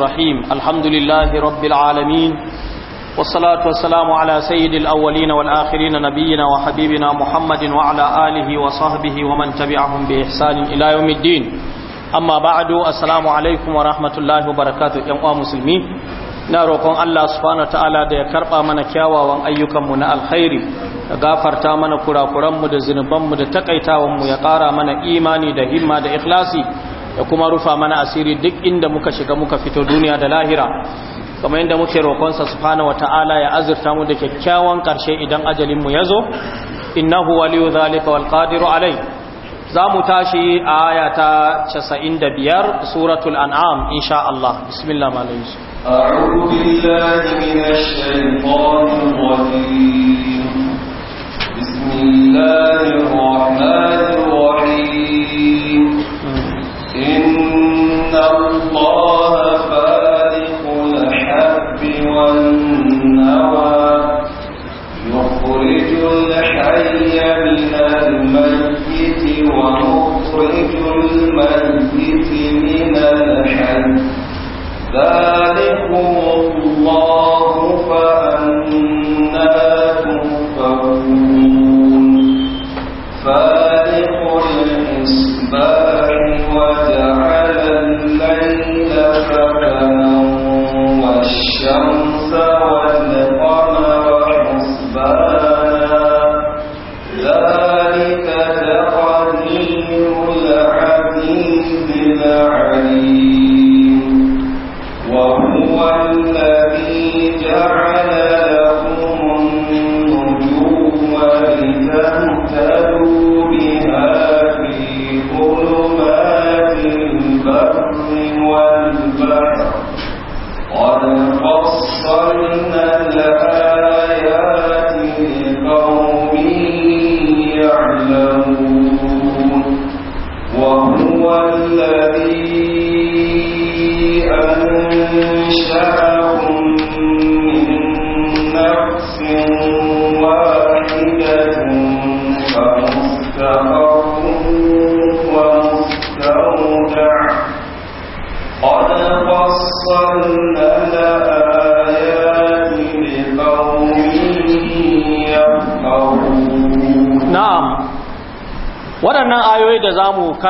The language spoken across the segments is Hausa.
الرحيم الحمد لله رب العالمين والصلاة والسلام على سيد الأولين والآخرين نبينا وحبيبنا محمد وعلى آله وصحبه ومن تبعهم بإحسان إلى يوم الدين أما بعد السلام عليكم ورحمة الله وبركاته يا مسلمين na roƙon Allah subhanahu ta'ala da ya karɓa mana kyawawan ayyukanmu na alkhairi da gafarta mana kurakuranmu da zunubanmu da takaitawanmu ya ƙara mana imani da himma da ikhlasi da kuma rufa mana asiri duk inda muka shiga muka fito duniya da lahira kamar yadda muke roƙonsa subhanahu wata'ala ya azurta mu da kyakkyawan karshe idan ajalin mu yazo innahu waliyu zalika wal qadiru alai za mu tashi a aya ta 95 suratul an'am insha Allah bismillah ma yusuf a'udhu billahi minash shaitanir rajim bismillahir rahmanir rahim الله الحب والنوى الحي من من الحي ذلكم الله فأنا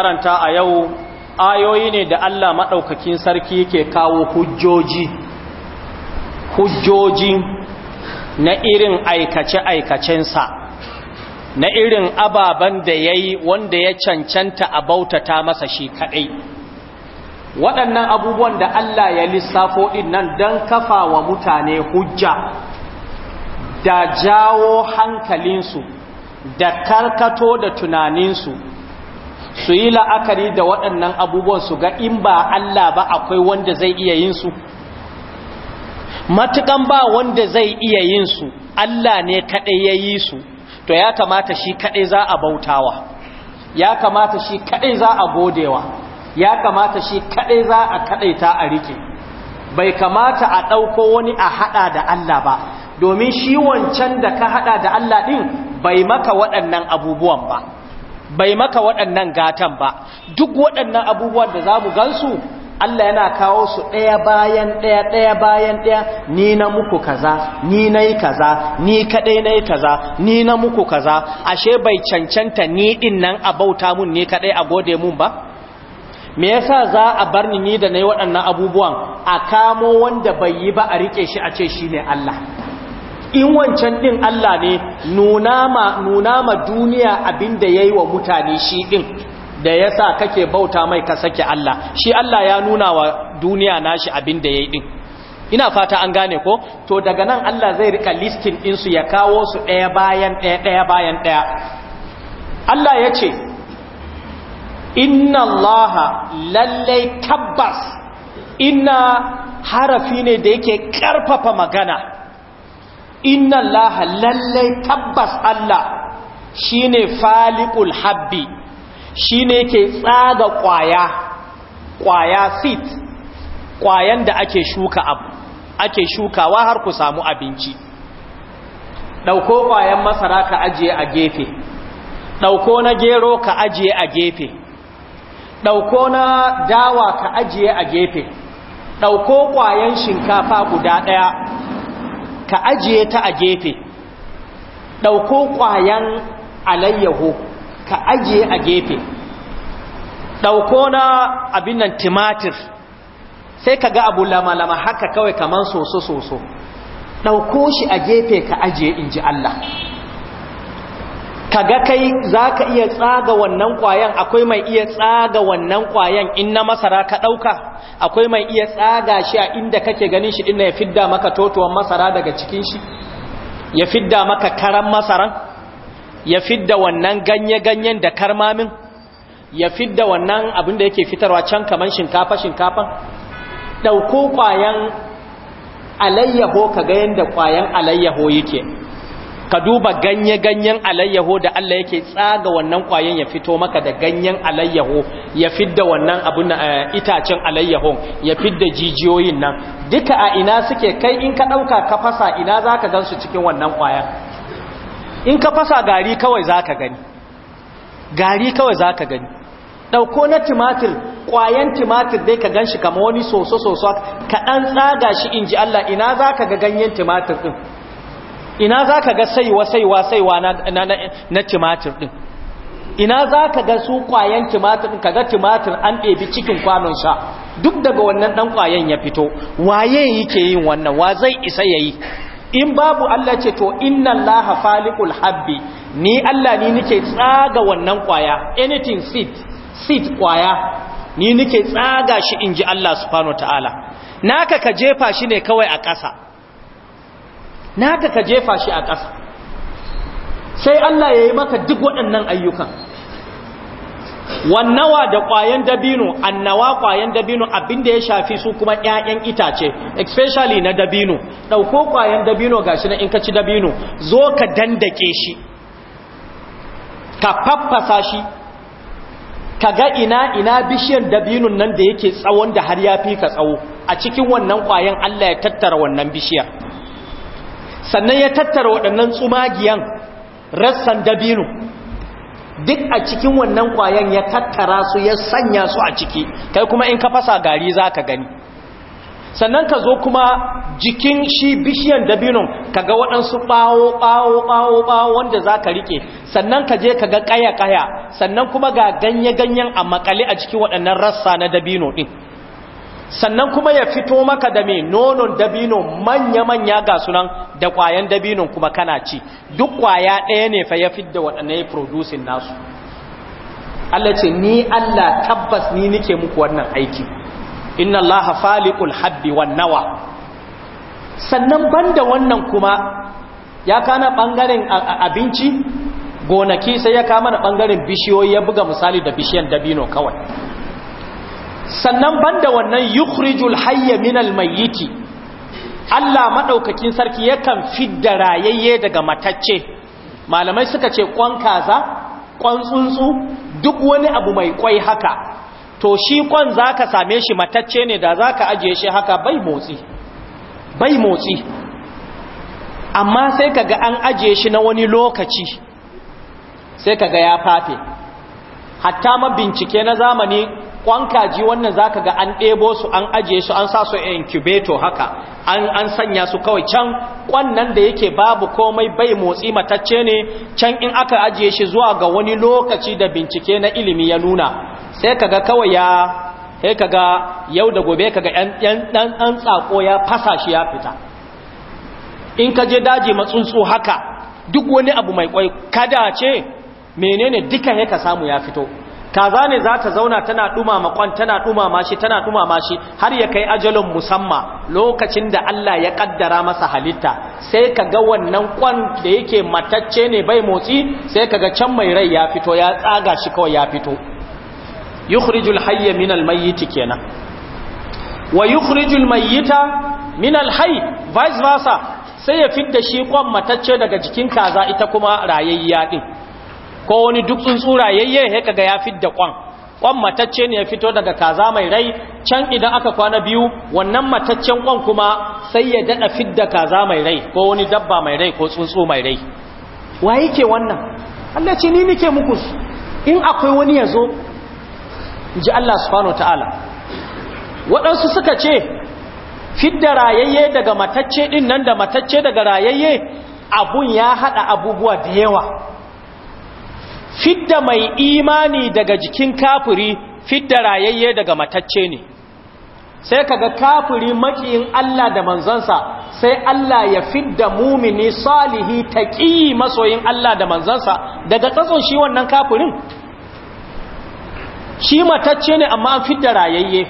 karanta a yau ayoyi ne da Allah maɗaukakin sarki ke kawo hujjoji hujjoji na irin aikace-aikacensa na irin ababen da ya yi wanda ya cancanta a bautata masa shi kaɗai waɗannan abubuwan da Allah ya lissafo ɗin nan don kafa wa mutane hujja da jawo hankalinsu da karkato da tunaninsu su yi la'akari da waɗannan abubuwan su ga in ba Allah ba akwai wanda zai iya yin su matukan ba wanda zai iya yin su Allah ne kaɗai ya yi su to ya kamata shi kaɗai za a bautawa ya kamata shi kaɗai za a godewa ya kamata shi kaɗai za a kaɗaita a rike bai kamata a ɗauko wani a haɗa da Allah ba domin shi wancan da ka haɗa da Allah ɗin bai maka waɗannan abubuwan ba bai maka waɗannan gatan ba duk waɗannan abubuwan da za mu gansu Allah yana kawo su ɗaya bayan ɗaya ɗaya bayan ɗaya ni na muku kaza ni na yi kaza ni kaɗai na yi kaza ni na muku kaza ashe bai cancanta ni ɗin nan a bauta mun ni kaɗai a gode mun ba me yasa za a bar ni ni da na yi waɗannan abubuwan a kamo wanda bai yi ba a riƙe shi a ce shi ne Allah in wancan din Allah ne nuna ma duniya abin da ya yi wa mutane shi din da ya yasa kake bauta mai ka sake Allah shi Allah ya nuna wa duniya nashi ya yi din ina fata an gane ko to daga nan Allah zai rika listin ɗinsu ya kawo su ɗaya bayan ɗaya ɗaya bayan ɗaya Allah ya ce inna Allah lallai tabbas inna harafi ne da yake ƙarfafa magana inna laha lallai tabbas Allah shine faliqul habbi shine ke tsaga kwaya kwaya seed kwayan da ake shuka abu ake shukawa har ku samu abinci Ɗauko kwayan masara ka ajiye a gefe dauko na gero ka ajiye a gefe dauko na dawa ka ajiye a gefe Ɗauko kwayan shinkafa guda ɗaya. ka ajiye ta a gefe ɗauko ƙwayan alayyaho ka ajiye a gefe ɗauko na abin nan timatir sai ka ga abu lama-lama haka kawai kamar soso-soso ɗauko shi a gefe ka ajiye in ji Allah Ka ga kai za ka iya tsaga wannan kwayan akwai mai iya tsaga wannan kwayan in na masara ka ɗauka akwai mai iya tsaga shi a inda kake ganin shi inda ya fidda maka totuwan masara daga cikin shi ya fidda maka karan masaran ya fidda wannan ganye ganyen da karmamin ya fidda wannan abin da yake fitarwa can kaman shinkafa shinkafan dauko kwayan alayyaho ka ga yadda kwayan alayyaho yake ka duba ganye-ganyen alayyaho da Allah yake tsaga wannan kwayan ya fito maka da ganyen alayyaho ya fidda wannan abun eh, itacen alayyahon ya fidda jijiyoyin nan duka a ina suke kai in ka ɗauka ka fasa ina za ka gan su cikin wannan kwayan in ka fasa gari kawai za ka gani gari kawai za ka gani ɗauko na timatir ƙwayen timatir dai ka gan shi kama wani soso-soso ka ɗan tsaga shi in ji Allah ina za ka ga ganyen timatir ɗin ina za ka ga saiwa saiwa saiwa na timatir ɗin ina za ka ga su kwayan timatir ka ga timatir an ɗebi cikin kwanon sha duk daga wannan ɗan kwayan ya fito waye yake yin wannan wa zai isa ya yi in babu Allah ce to inna Allah falikul habbi ni Allah ni nike tsaga wannan kwaya anything seed seed kwaya ni nike tsaga shi in ji Allah subhanahu wataala naka ka jefa shi ne kawai a ƙasa naka ka jefa shi a ƙasa sai Allah ya yi maka duk waɗannan ayyukan wannawa da ƙwayan dabino annawa ƙwayan dabino abinda ya shafi su kuma ƴaƴan itace especially na dabino ɗauko ƙwayan dabino gashi na in ka ci dabino zo ka dandake shi ka faffasa shi ka ga ina ina bishiyar dabinon nan da yake tsawon da har ya fi ka tsawo a cikin wannan ƙwayan Allah ya tattara wannan bishiyar sannan ya tattara waɗannan tsumagiyan rassan dabino duk a cikin wannan kwayan ya tattara su ya sanya su a ciki kai kuma in ka fasa gari za ka gani sannan ka zo kuma jikin shi bishiyan dabino ka ga waɗansu ɓawo ɓawo ɓawo ɓawo wanda za ka riƙe sannan ka je ka ga ƙaya-ƙaya sannan kuma ga ganye-ganyen a makale a cikin waɗannan rassa na dabino ɗin sannan kuma ya fito maka da mai nonon dabino manya-manya ga sunan da kwayan dabinon kuma kana ci duk kwaya ɗaya ne fa ya fidda waɗanda ya producing nasu Allah ce ni Allah tabbas ni nike muku wannan aiki inna Allah faliqul habbi wan nawa sannan banda wannan kuma ya kana bangaren abinci gonaki sai ya kama na bangaren bishiyoyi ya buga misali da bishiyan dabino kawai sannan banda wannan yukhrijul hayya minal mayyiti Allah madaukakin sarki yakan fidda rayayye daga matacce malamai suka ce kwan kaza kwan tsuntsu duk wani abu mai kwai haka to shi kwan zaka same shi matacce ne da zaka ajiye shi haka bai motsi bai motsi amma sai kaga an ajiye shi na wani lokaci sai kaga ya fafe hatta ma bincike na zamani kwan kaji wannan zaka ga an ɗebo su an ajiye su an sa su incubator haka an an sanya su kawai can kwan nan da yake babu komai bai motsi matacce ne can in aka ajiye shi zuwa ga wani lokaci da bincike na ilimi ya nuna sai kaga kawai ya sai kaga yau da gobe kaga ɗan ɗan ɗan tsako ya fasa shi ya fita in ka je daji matsuntsu haka duk wani abu mai kwai kada ce menene duka ya ka samu ya fito kaza ne za ta zauna tana dumama kwan tana dumama shi tana dumama shi har ya kai ajalin musamma lokacin da Allah ya kaddara masa halitta sai kaga wannan kwan da yake matacce ne bai motsi sai kaga can mai rai ya fito ya tsaga shi kawai ya fito yukhrijul hayya minal mayyit kenan wa yukhrijul mayyita minal hayy vice versa sai ya fidda shi kwan matacce daga jikin kaza ita kuma rayayya din ko wani duk tsuntsura yayye he kaga ya fidda kwan kwan matacce ne ya fito daga kaza mai rai can idan aka kwana biyu wannan mataccen kwan kuma sai ya dada fidda kaza mai rai ko wani dabba mai rai ko tsuntsu mai rai wa yake wannan Allah ce ni nake muku in akwai wani ya zo ji Allah subhanahu ta'ala waɗansu suka ce fidda rayayye daga matacce din nan da matacce daga rayayye abun ya haɗa abubuwa da yawa fidda mai imani daga jikin kafiri fidda rayayye daga matacce ne sai kaga kafiri makiyin Allah da manzansa sai Allah ya fidda mumini salihi taqi masoyin Allah da manzansa daga tsatson shi wannan kafirin shi matacce ne amma an fidda rayayye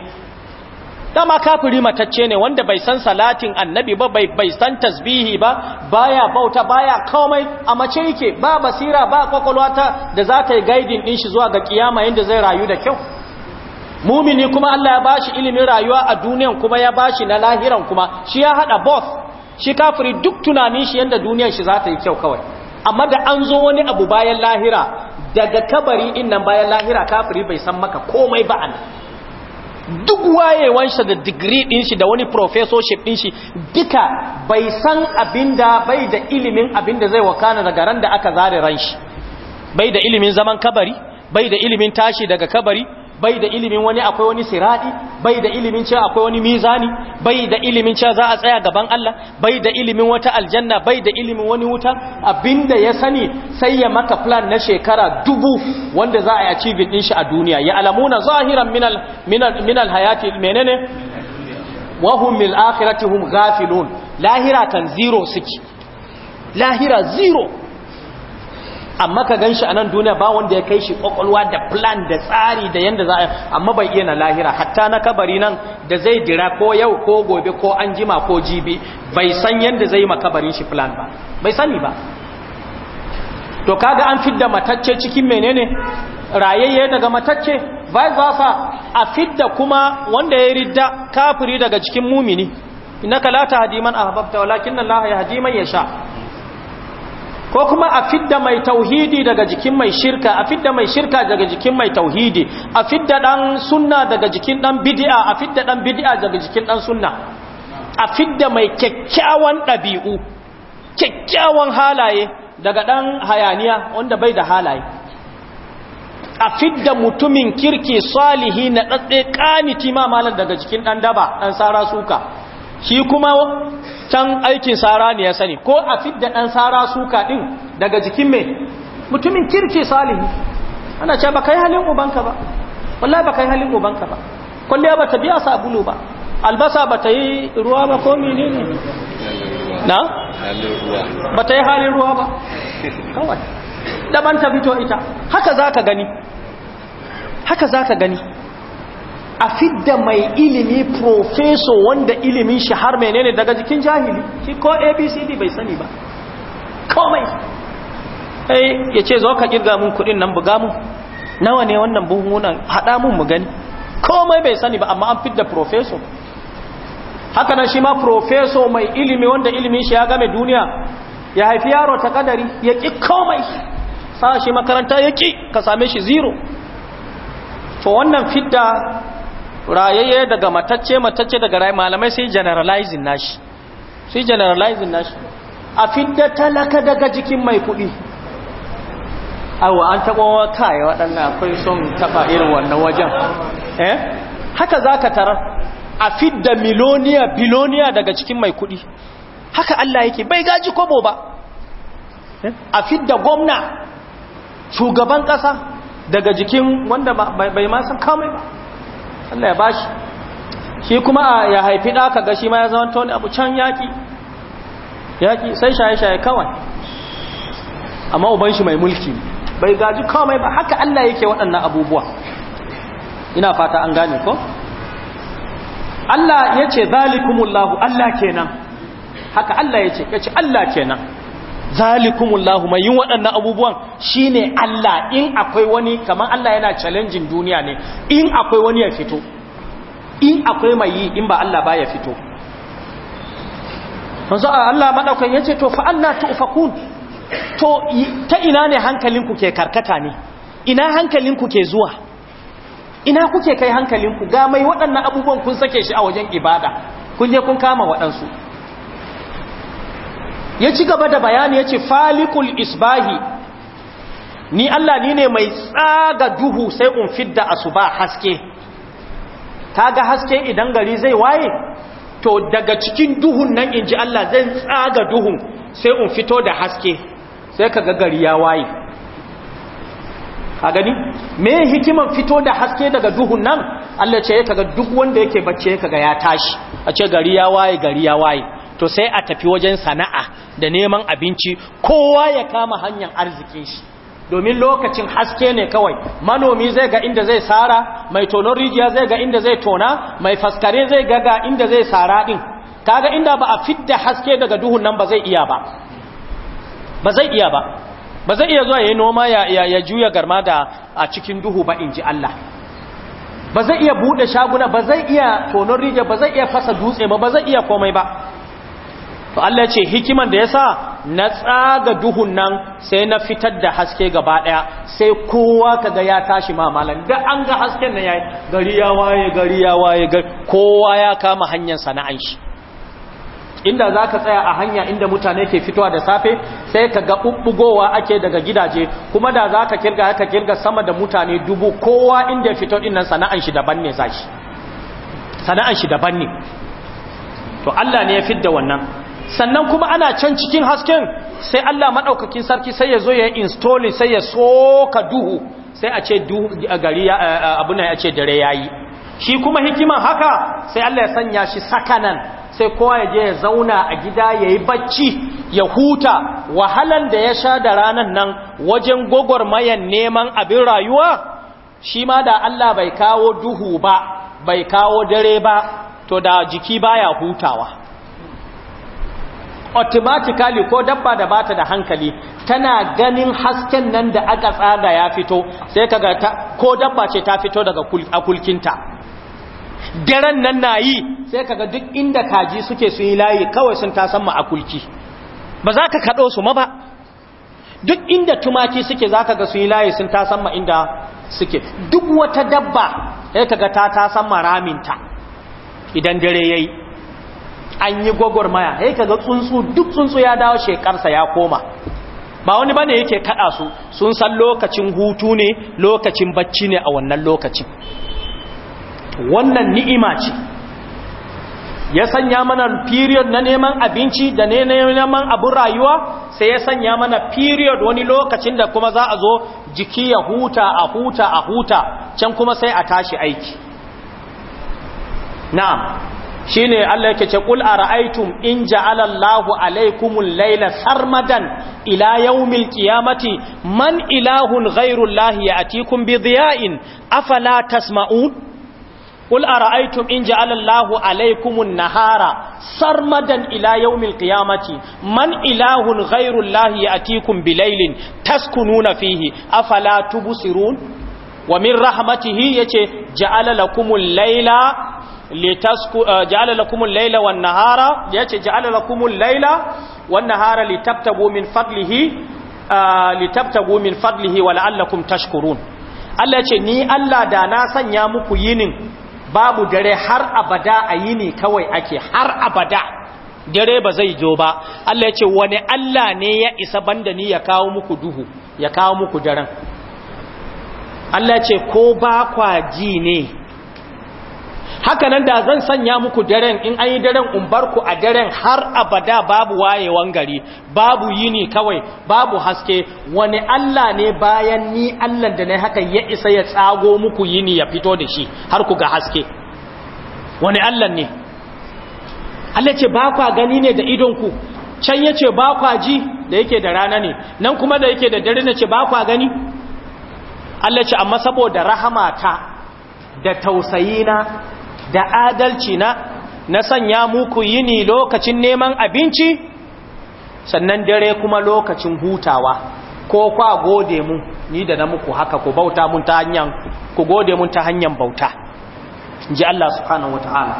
dama kafiri matacce ne wanda bai san salatin annabi ba bai bai san tasbihi ba baya bauta baya komai a mace yake ba basira ba kwakwalwa da za ta yi gaidin din shi zuwa ga kiyama yanda zai rayu da kyau mumini kuma Allah ya bashi ilimin rayuwa a duniyan kuma ya bashi na lahiran kuma shi ya hada both shi kafiri duk tunanin shi yadda duniyar shi za ta yi kyau kawai amma da an zo wani abu bayan lahira daga kabari din nan bayan lahira kafiri bai san maka komai ba anan duk wayewan shi da digiri din shi da wani professorship din shi duka bai san abinda bai da ilimin abinda zai wakana daga ran da aka zare ran shi bai da ilimin zaman kabari bai da ilimin tashi daga kabari bai da ilimin wani akwai wani siradi bai da ilimin cewa akwai wani mizani bai da ilimin cewa za a tsaya gaban Allah bai da ilimin wata aljanna bai da ilimin wani wuta abinda ya sani sai ya maka plan na shekara dubu wanda za a yi achieving din shi a duniya ya alamuna zahiran minal minal minal hayati menene wa hum lil akhirati ghafilun lahira kan zero suke lahira zero amma ka ganshi a nan duniya ba wanda ya kai shi kwakwalwa da plan da tsari da yanda za a amma bai iya na lahira hatta na kabari nan da zai dira ko yau ko gobe ko an jima ko jibi bai san yadda zai ma kabarin shi plan ba bai sani ba to kaga an fidda matacce cikin menene rayayye daga matacce vice versa a fidda kuma wanda ya ridda kafiri daga cikin mumini innaka la tahdi man ahbabta walakin Allah yahdi man yasha ko kuma a fidda mai tauhidi daga jikin mai shirka a fidda mai shirka daga jikin mai tauhidi a fidda dan sunna daga jikin dan bid'a a fidda dan bid'a daga jikin dan sunna a fidda mai kyakkyawan dabi'u kyakkyawan halaye daga dan hayaniya wanda bai da halaye a fidda mutumin kirki salihi na tsatse kaniti ma malan daga jikin dan daba dan sara suka shi kuma can aikin sara ne ya sani ko a fidda ɗan sara suka ɗin daga jikin mai mutumin kirki salihu ana ce ba kai halin ubanka ba wallahi ba kai halin ubanka ba kwalliya ba ta biya sabulu ba albasa ba ta yi ruwa ba ko mini ne na? ba ta yi halin ruwa ba kawai daban ta fito ita haka za ka gani haka za ka gani a fidda mai ilimi profeso wanda ilimin shi har menene daga jikin jahili shi ko abcd bai sani ba komai ai ya ce zo ka kirga mun kudin nan buga mun nawa ne wannan buhunan hada mun mu gani komai bai sani ba amma an fidda profeso Hakanan nan shi ma profeso mai ilimi wanda ilimin shi ya game duniya ya haifi yaro ta kadari ya ki komai sa shi makaranta ya ki ka same shi zero to wannan fidda rayayye daga matacce matacce daga rai malamai sai generalizing nashi sai generalizing nashi a fidda talaka daga jikin mai kuɗi awa an taɓa wa kai waɗannan akwai son taɓa irin wannan wajen eh haka za ka tarar a fidda miloniya biloniya daga cikin mai kuɗi haka Allah yake bai gaji kobo ba a fidda gwamna shugaban ƙasa daga jikin wanda bai masan kamai ba Allah ya bashi shi kuma ya haifi da kaga shi ma ya zama toni abu can yaƙi yaki sai shaye-shaye kawai amma uban shi mai mulki bai gaji kawai ba haka Allah yake waɗannan abubuwa ina fata an gane ko Allah ya ce zalikumullahu Allah kenan haka Allah ya ce ce Allah kenan zalikumullahu mai yin waɗannan abubuwan shine Allah in akwai wani kamar Allah yana challenging duniya ne in akwai wani ya fito in akwai mai yi in ba Allah ba ya fito manzo Allah madaukan yace to fa anna tufakun to ta ina ne hankalinku ke karkata ne ina hankalinku ke zuwa ina kuke kai hankalinku ga mai waɗannan abubuwan kun sake shi a wajen ibada kun je kun kama waɗansu ya ci gaba da bayani ya ce falikul isbahi ni Allah ni ne mai tsaga duhu sai un fidda asuba haske ta ga haske idan gari zai waye to daga cikin duhun nan inji Allah zai tsaga duhun sai un fito da haske sai kaga gari ya waye a gani me hikiman fito da haske daga duhun nan Allah ce ya kaga duk wanda yake bacci ya kaga ya tashi a ce gari ya waye gari ya waye to sai a tafi wajen sana'a da neman abinci kowa ya kama hanyar arzikin shi domin lokacin haske ne kawai manomi zai ga inda zai sara mai tonon rijiya zai ga inda zai tona mai faskare zai ga ga inda zai sara din kaga inda ba a fidda haske daga duhun nan ba zai iya ba ba zai iya ba ba zai iya zuwa ya yi noma ya juya garma da a cikin duhu ba in ji Allah ba zai iya buɗe shaguna ba zai iya tonon rijiya ba zai iya fasa dutse ba ba zai iya komai ba to Allah ce hikiman da yasa na tsaga duhun nan sai na fitar da haske gaba daya sai kowa kaga ya tashi ma malan da an ga hasken nan yayi gari ya waye gari ya waye kowa ya kama hanyar sana'an shi inda zaka tsaya a hanya inda mutane ke fitowa da safe sai kaga bubbugowa ake daga gidaje kuma da zaka kirga haka kirga sama da mutane dubu kowa inda ya fito din nan sana'an shi daban ne zaki sana'an shi daban ne to Allah ne ya fidda wannan sannan kuma ana can cikin hasken sai Allah maɗaukakin sarki sai ya zo ya installing sai ya soka duhu sai a ce duhu a gari abu ya ce dare yayi shi kuma hikiman haka sai Allah ya sanya shi sakanan sai kowa ya je ya zauna a gida yayi yi bacci ya huta wahalan da ya sha da ranan nan wajen gwagwarmayan neman abin rayuwa shi ma da Allah bai kawo duhu ba bai kawo dare ba to da jiki baya hutawa automatically ko dabba da bata da hankali tana ganin hasken nan da aka tsada ya fito sai kaga ta ko dabba ce ta fito daga akulkinta daren nan na yi sai kaga duk inda kaji suke su yi layi kawai sun ta san akulki ba za ka kaɗo su ma ba duk inda tumaki suke za ka ga su yi layi sun ta san inda suke duk wata dabba sai kaga ta ta san raminta idan dare yayi an yi gwagwarmaya sai kaga tsuntsu duk tsuntsu ya dawo shekarsa ya koma ba wani bane yake kada su sun san lokacin hutu ne lokacin bacci ne a wannan lokacin wannan ni'ima ce ya sanya mana period na neman abinci da neman abin rayuwa sai ya sanya mana period wani lokacin da kuma za a zo jiki ya huta a huta a huta can kuma sai a tashi aiki na'am shine Allah yake ce qul ara'aytum in ja'ala Allahu alaykumul layla sarmadan ila yawmil qiyamati man ilahun ghayru Allah ya'tikum bi dhiya'in afala tasma'un qul ara'aytum in ja'ala Allahu alaykumun nahara sarmadan ila yawmil qiyamati man ilahun ghayru Allah ya'tikum bi laylin taskununa fihi afala tubsirun wa min rahmatihi yace ja'ala lakumul layla litasku ja'ala lakum al-laila wan nahara yace ja'ala lakum laila wan nahara litabtagu min fadlihi litabtagu min fadlihi wa la'allakum tashkurun Allah yace ni Allah da na sanya muku yinin babu dare har abada a yini kawai ake har abada dare ba zai zo ba Allah yace wani Allah ne ya isa banda ni ya kawo muku duhu ya kawo muku daren Allah yace ko ba kwa ji ne haka nan da zan sanya muku daren in an yi daren umbarku a daren har abada babu wayewan gari babu yini kawai babu haske wani Allah ne bayan ni Allah da na haka ya isa ya tsago muku yini ya fito da shi har ku ga haske wani Allah ne Allah ce ba kwa gani ne da idonku can ya ce ba kwa ji da yake da rana ne nan kuma da yake da dare na ce ba kwa gani Allah ce amma saboda rahama ta da tausayina da adalci na na sanya muku yini lokacin neman abinci sannan dare kuma lokacin hutawa ko kwa gode mu ni da na muku haka ku bauta mun ta hanyar ku gode mun ta hanyar bauta ji Allah subhanahu wataala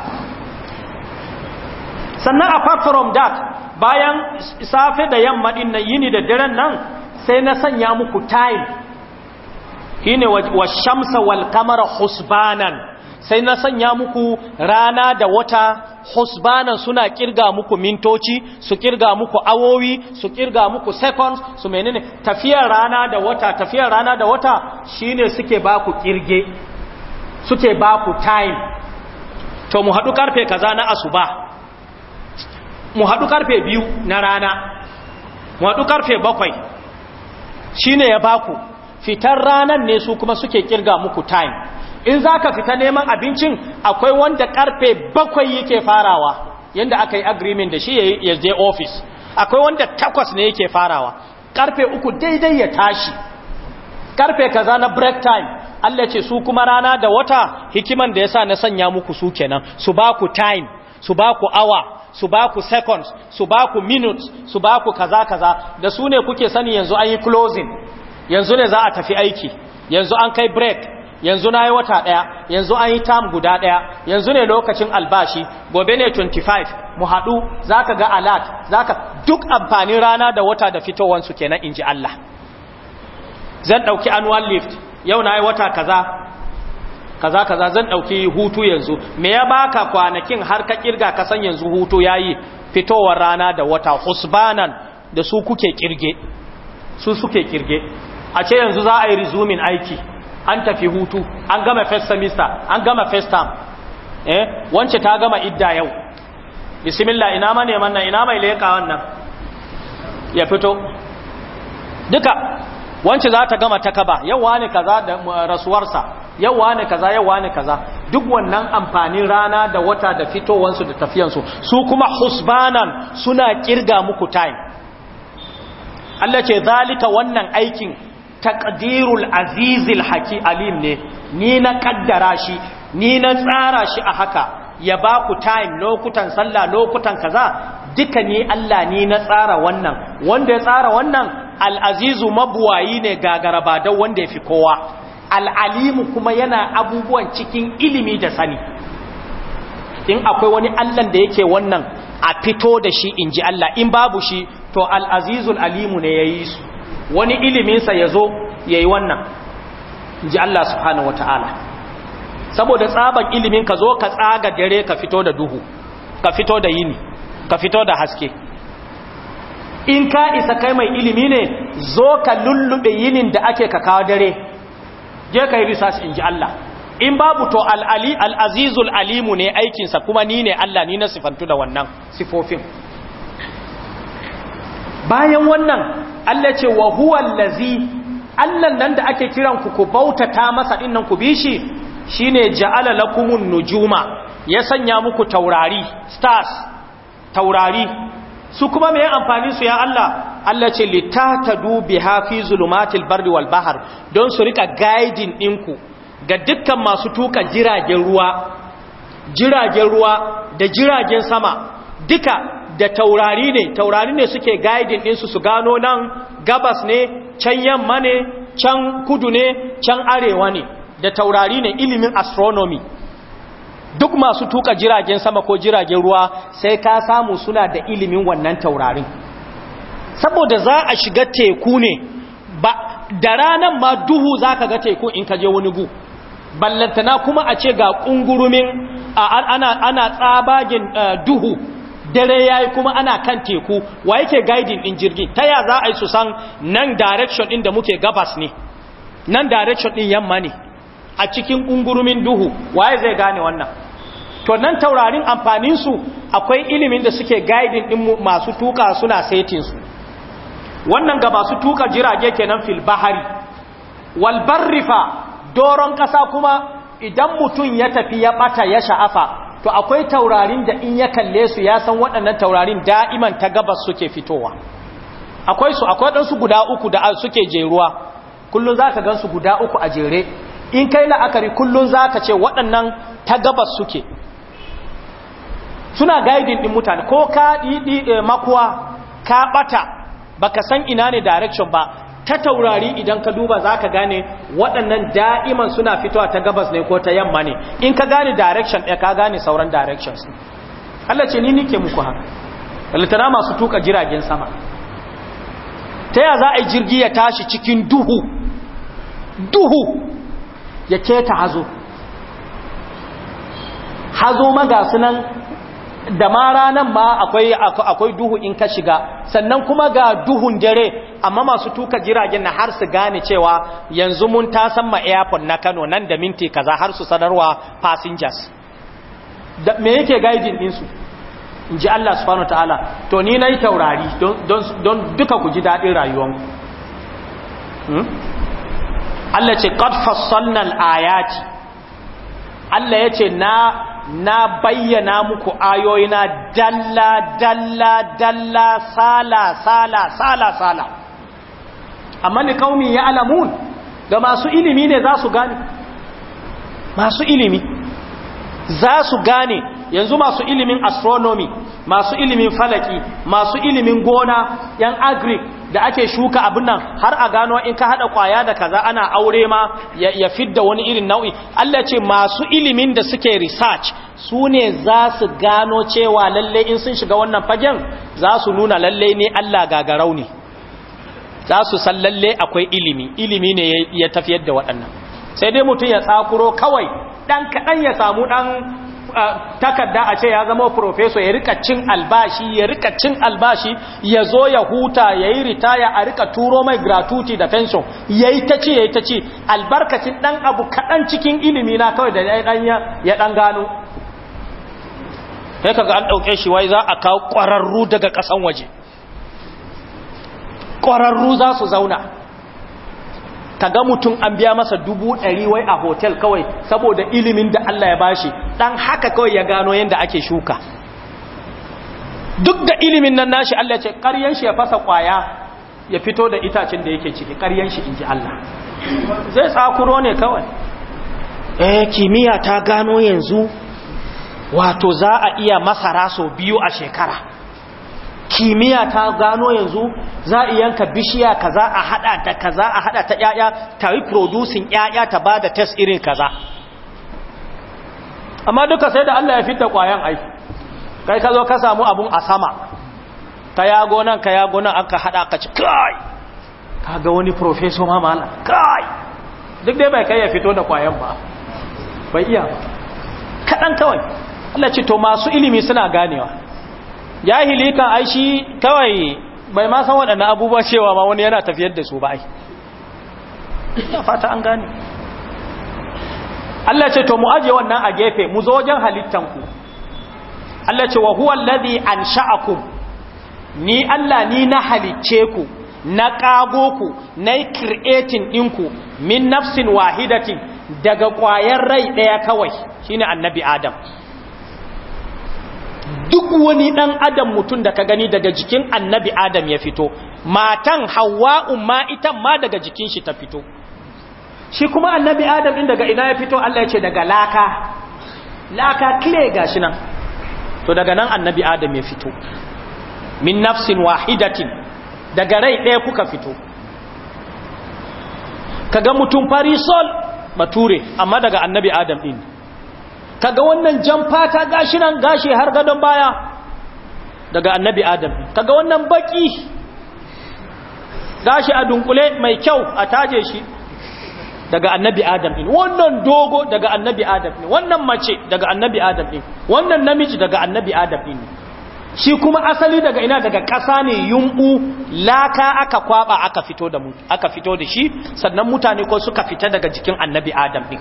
sannan apart from that bayan safe da yamma din nan yini da daren nan sai na sanya muku time shine wa shamsa wal qamara husbanan sai na sanya muku rana da wata husbanan suna kirga muku mintoci su kirga muku awowi su kirga muku seconds su menene tafiyar rana da wata tafiyar rana da wata shine suke ba ku kirge suke ba ku time to mu hadu karfe kaza na asuba mu hadu karfe biyu na rana mu hadu karfe bakwai shine ya baku fitar ranan ne su kuma suke kirga muku time in za ka fita neman abincin akwai wanda karfe bakwai yake farawa yadda aka yi agreement da shi ya je ofis. akwai wanda takwas ne yake farawa karfe uku daidai ya tashi karfe kaza na break time Allah ce su kuma rana da wata hikiman da ya sa na sanya muku su kenan su ba ku time su ba ku hour su ba ku seconds su ba ku minutes su ba ku kaza kaza da su ne kuke sani yanzu an yi closing yanzu ne za a tafi aiki yanzu an kai break yanzu na yi wata ɗaya yanzu an yi tam guda ɗaya yanzu ne lokacin albashi gobe ne 25 mu haɗu za ka ga alat za ka duk amfanin rana da wata da fitowansu kenan in ji Allah zan ɗauki annual lift yau na yi wata kaza kaza kaza zan ɗauki hutu yanzu me ya baka kwanakin har ka kirga ka san yanzu hutu yayi fitowar rana da wata husbanan da su kuke kirge su suke kirge a ce yanzu za a yi rizumin aiki an tafi hutu an gama first semester an gama first term eh wance ta gama idda yau bismillah ina ma neman nan ina mai leka wannan ya fito duka wance za ta gama ta kaba yau wani kaza da rasuwarsa yau wani kaza yau wani kaza duk wannan amfanin rana da wata da fitowansu da tafiyansu su kuma husbanan suna kirga muku time Allah ce zalika wannan aikin taqdirul azizil haki alim ne ni na kaddara shi ni na tsara shi a haka ya ba ku time lokutan sallah lokutan kaza duka ni Allah ni na tsara wannan wanda ya tsara wannan al'azizu mabuwayi ne ga ba da wanda ya fi kowa al'alimu kuma yana abubuwan cikin ilimi da sani in akwai wani allah da yake wannan a fito da shi in ji Allah in babu shi to al'azizul alimu ne yayi su wani iliminsa ya zo ya yi wannan ji Allah subhanahu wa ta'ala saboda tsaban ilimin ka zo ka tsaga dare ka fito da duhu ka fito da yini ka fito da haske in ka isa kai mai ilimi ne zo ka lullube yinin da ake ka kawo dare je ka yi risas in Allah in babu to al azizul alimu ne aikinsa kuma ni ne Allah ni na sifantu da wannan sifofin bayan wannan Allah ce wa huwa allazi Allah nan da ake kiran ku ku bautata masa din nan ku bi shine ja'ala lakumun nujuma ya sanya muku taurari stars taurari su kuma me amfani su ya Allah Allah ce litatadu biha fi zulumatil bardi wal bahr don su rika guiding ɗinku ga dukkan masu tuka jiragen ruwa jiragen ruwa da jiragen sama duka da taurari ne taurari ne suke guiding ɗinsu su gano nan gabas ne can yamma ne can kudu ne can arewa ne da taurari ne ilimin astronomy duk masu tuka jiragen sama ko jiragen ruwa sai ka samu suna da ilimin wannan taurarin saboda za a shiga teku ne ba da ranan ma duhu za ka ga teku in ka je wani gu ballantana kuma a ce ga ƙungurumin ana, ana tsabagen eh, duhu dare ya yi kuma ana kan teku wa yake guiding ɗin jirgin ta ya za a yi su san nan direction ɗin da muke gabas ne nan direction ɗin yamma ne a cikin ungurumin duhu waye zai gane wannan to nan taurarin amfaninsu akwai ilimin da suke guiding ɗin masu tuka suna su. wannan ga masu tuka jirage kenan fil bahari wal barrifa doron ƙasa kuma idan mutum ya tafi ya ɓata ya sha'afa to akwai taurarin da in ya kalle su ya san waɗannan taurarin da'iman ta gabas suke fitowa akwai su akwai ɗansu guda uku da suke jeruwa kullum za ka gansu guda uku a jere in kai la'akari kullum za ka ce waɗannan ta gabas suke suna gaidin ɗin mutane ko ka ɗiɗi eh, makuwa ka ɓata baka san ina ne direction ba ta taurari idan ka duba za ka gane waɗannan da'iman suna fitowa ta gabas ne ko ta yamma ne in ka gane direction ɗaya ka gane sauran directions Allah ce ni nike muku haka Littara masu tuka jiragen sama ta ya za a yi jirgi ya tashi cikin duhu duhu ya keta hazo hazo maga sunan da ma ranan ma akwai akwai duhu in ka shiga sannan kuma ga duhun dare amma masu tuka jiragen na har su gane cewa yanzu mun ta san ma airport na Kano nan da minti kaza har su sadarwa passengers da me yake guiding din su ji Allah subhanahu wataala to ni nayi taurari don duka ku ji dadin rayuwanku hmm? Allah ce qad ayati Allah yace na na bayyana muku ayoyina dalla dalla dalla sala sala sala sala amma ni kaumi ya alamun ga masu ilimi ne za su gane masu ilimi za su gane yanzu masu ilimin astronomy masu ilimin falaki masu ilimin gona yan agri da ake shuka abin nan har a gano in ka hada kwaya da kaza ana aure ma ya, ya fidda wani irin nau'i Allah ce masu ilimin da suke research su ne za su gano cewa lalle in sun shiga wannan fagen za su nuna lalle ne Allah gagarau ne za su san lalle akwai ilimi ilimi ne ya tafiyar da waɗannan sai dai mutum ya tsakuro kawai ɗan kaɗan ya samu ɗan takarda a ce ya zama professor ya rika cin albashi ya rika cin albashi ya zo ya huta ya yi ritaya a rika turo mai gratuity da pension ya yi ta ci ya yi ta ci albarkacin ɗan abu kaɗan cikin ilimi na kawai da ya ɗan gano ya kaga an ɗauke shi wai za a kawo ƙwararru daga ƙasan waje ƙwararru za su zauna ka ga mutum an biya masa dubu ɗari wai a hotel kawai saboda ilimin da Allah ya bashi ɗan haka kawai ya gano yadda ake shuka duk da ilimin nan nashi Allah ce ƙaryen shi ya fasa ƙwaya ya fito da itacin da yake ciki ƙaryen shi inji Allah zai tsakuro ne kawai eh kimiyya ta gano yanzu wato za a iya masara sau biyu a shekara kimiyya ta gano yanzu za a yanka bishiya kaza a hada ta kaza a hada ta yaya ta yi producing yaya ta da test irin kaza amma duka sai da Allah ya fita kwayan ai kai ka zo ka samu abun a sama Ta yago nan ka yago nan aka hada ka ci kai Ka ga wani professor ma mala kai duk dai bai kai ya fito da kwayan ba bai iya kadan kawai Allah ce to masu ilimi suna ganewa jahili kan ai kawai bai ma san waɗannan abubuwa cewa ma wani yana tafiyar da su ba ai ina fata an gane Allah ce to mu aje wannan a gefe mu zo wajen halittanku Allah ce wa huwa allazi ansha'akum ni Allah ni na halicce ku na kago ku na creating ku min nafsin wahidatin daga ƙwayar rai ɗaya kawai shine annabi adam duk wani ɗan adam mutum da ka gani daga jikin annabi adam ya fito matan hawa'un ma ita ma daga jikin shi ta fito shi kuma annabi adam ɗin daga ina ya fito Allah ya ce daga laka laka kile gashi nan to daga nan annabi adam ya fito min nafsin wahidatin daga rai ɗaya kuka fito kaga mutum farisol mature amma daga annabi adam ɗin kaga wannan jan fata gashi nan gashi har gadon baya daga annabi adam kaga wannan baki gashi a dunkule mai kyau a taje shi daga annabi adam ne wannan dogo daga annabi adam ne wannan mace daga annabi adam ne wannan namiji daga annabi adam ne shi kuma asali daga ina daga ƙasa ne yumbu laka aka kwaba aka fito da mu aka fito da shi sannan mutane ko suka fita daga jikin annabi adam ne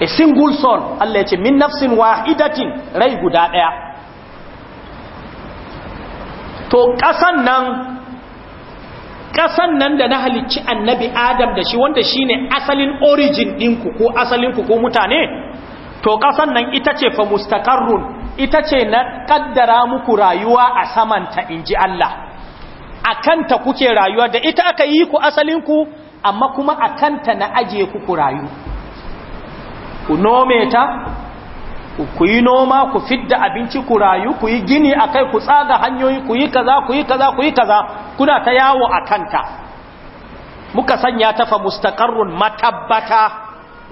a single son Allah ya ce min nafsin wahidatin rai guda ɗaya to kasan nan kasan nan da na halicci annabi adam da shi wanda shi ne asalin origin ɗinku ko asalinku ko mutane to kasan nan ita ce fa mustakarrun ita ce na ƙaddara muku rayuwa a samanta in ji Allah a kanta kuke rayuwa da ita aka yi ku asalinku amma kuma a kanta na ajiye ku rayu ku nome ta ku yi noma ku fidda abinci ku rayu ku yi gini a kai ku tsaga hanyoyi ku yi kaza ku yi kaza ku yi kaza kuna ta yawo a kanta muka sanya ta fa mustaqarrun matabbata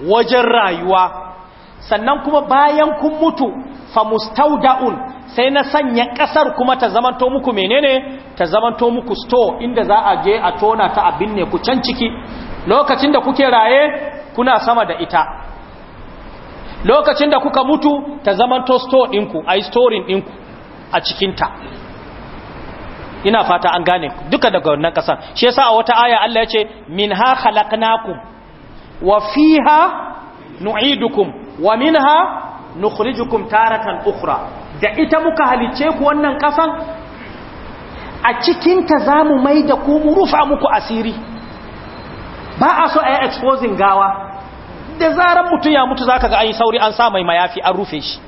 wajen rayuwa sannan kuma bayan kun mutu fa mustaudaun sai na sanya ƙasar kuma ta zamanto muku menene ta zamanto muku store inda za a je a tona ta abin ne ku can ciki lokacin da kuke raye kuna sama da ita lokacin da kuka mutu ta zamanto store ɗinku a storin ɗinku a cikinta ina fata an gane duka daga wannan ƙasa shi yasa a wata aya Allah ya ce min ha khalaqnakum wa fiha nu'idukum wa minha nukhrijukum taratan ukhra da ita muka halice ku wannan ƙasan a cikin ta zamu mai da ku mu rufa muku asiri ba a so a yi exposing gawa da zarar mutum ya mutu zaka ga an yi sauri an sa mai mayafi an rufe shi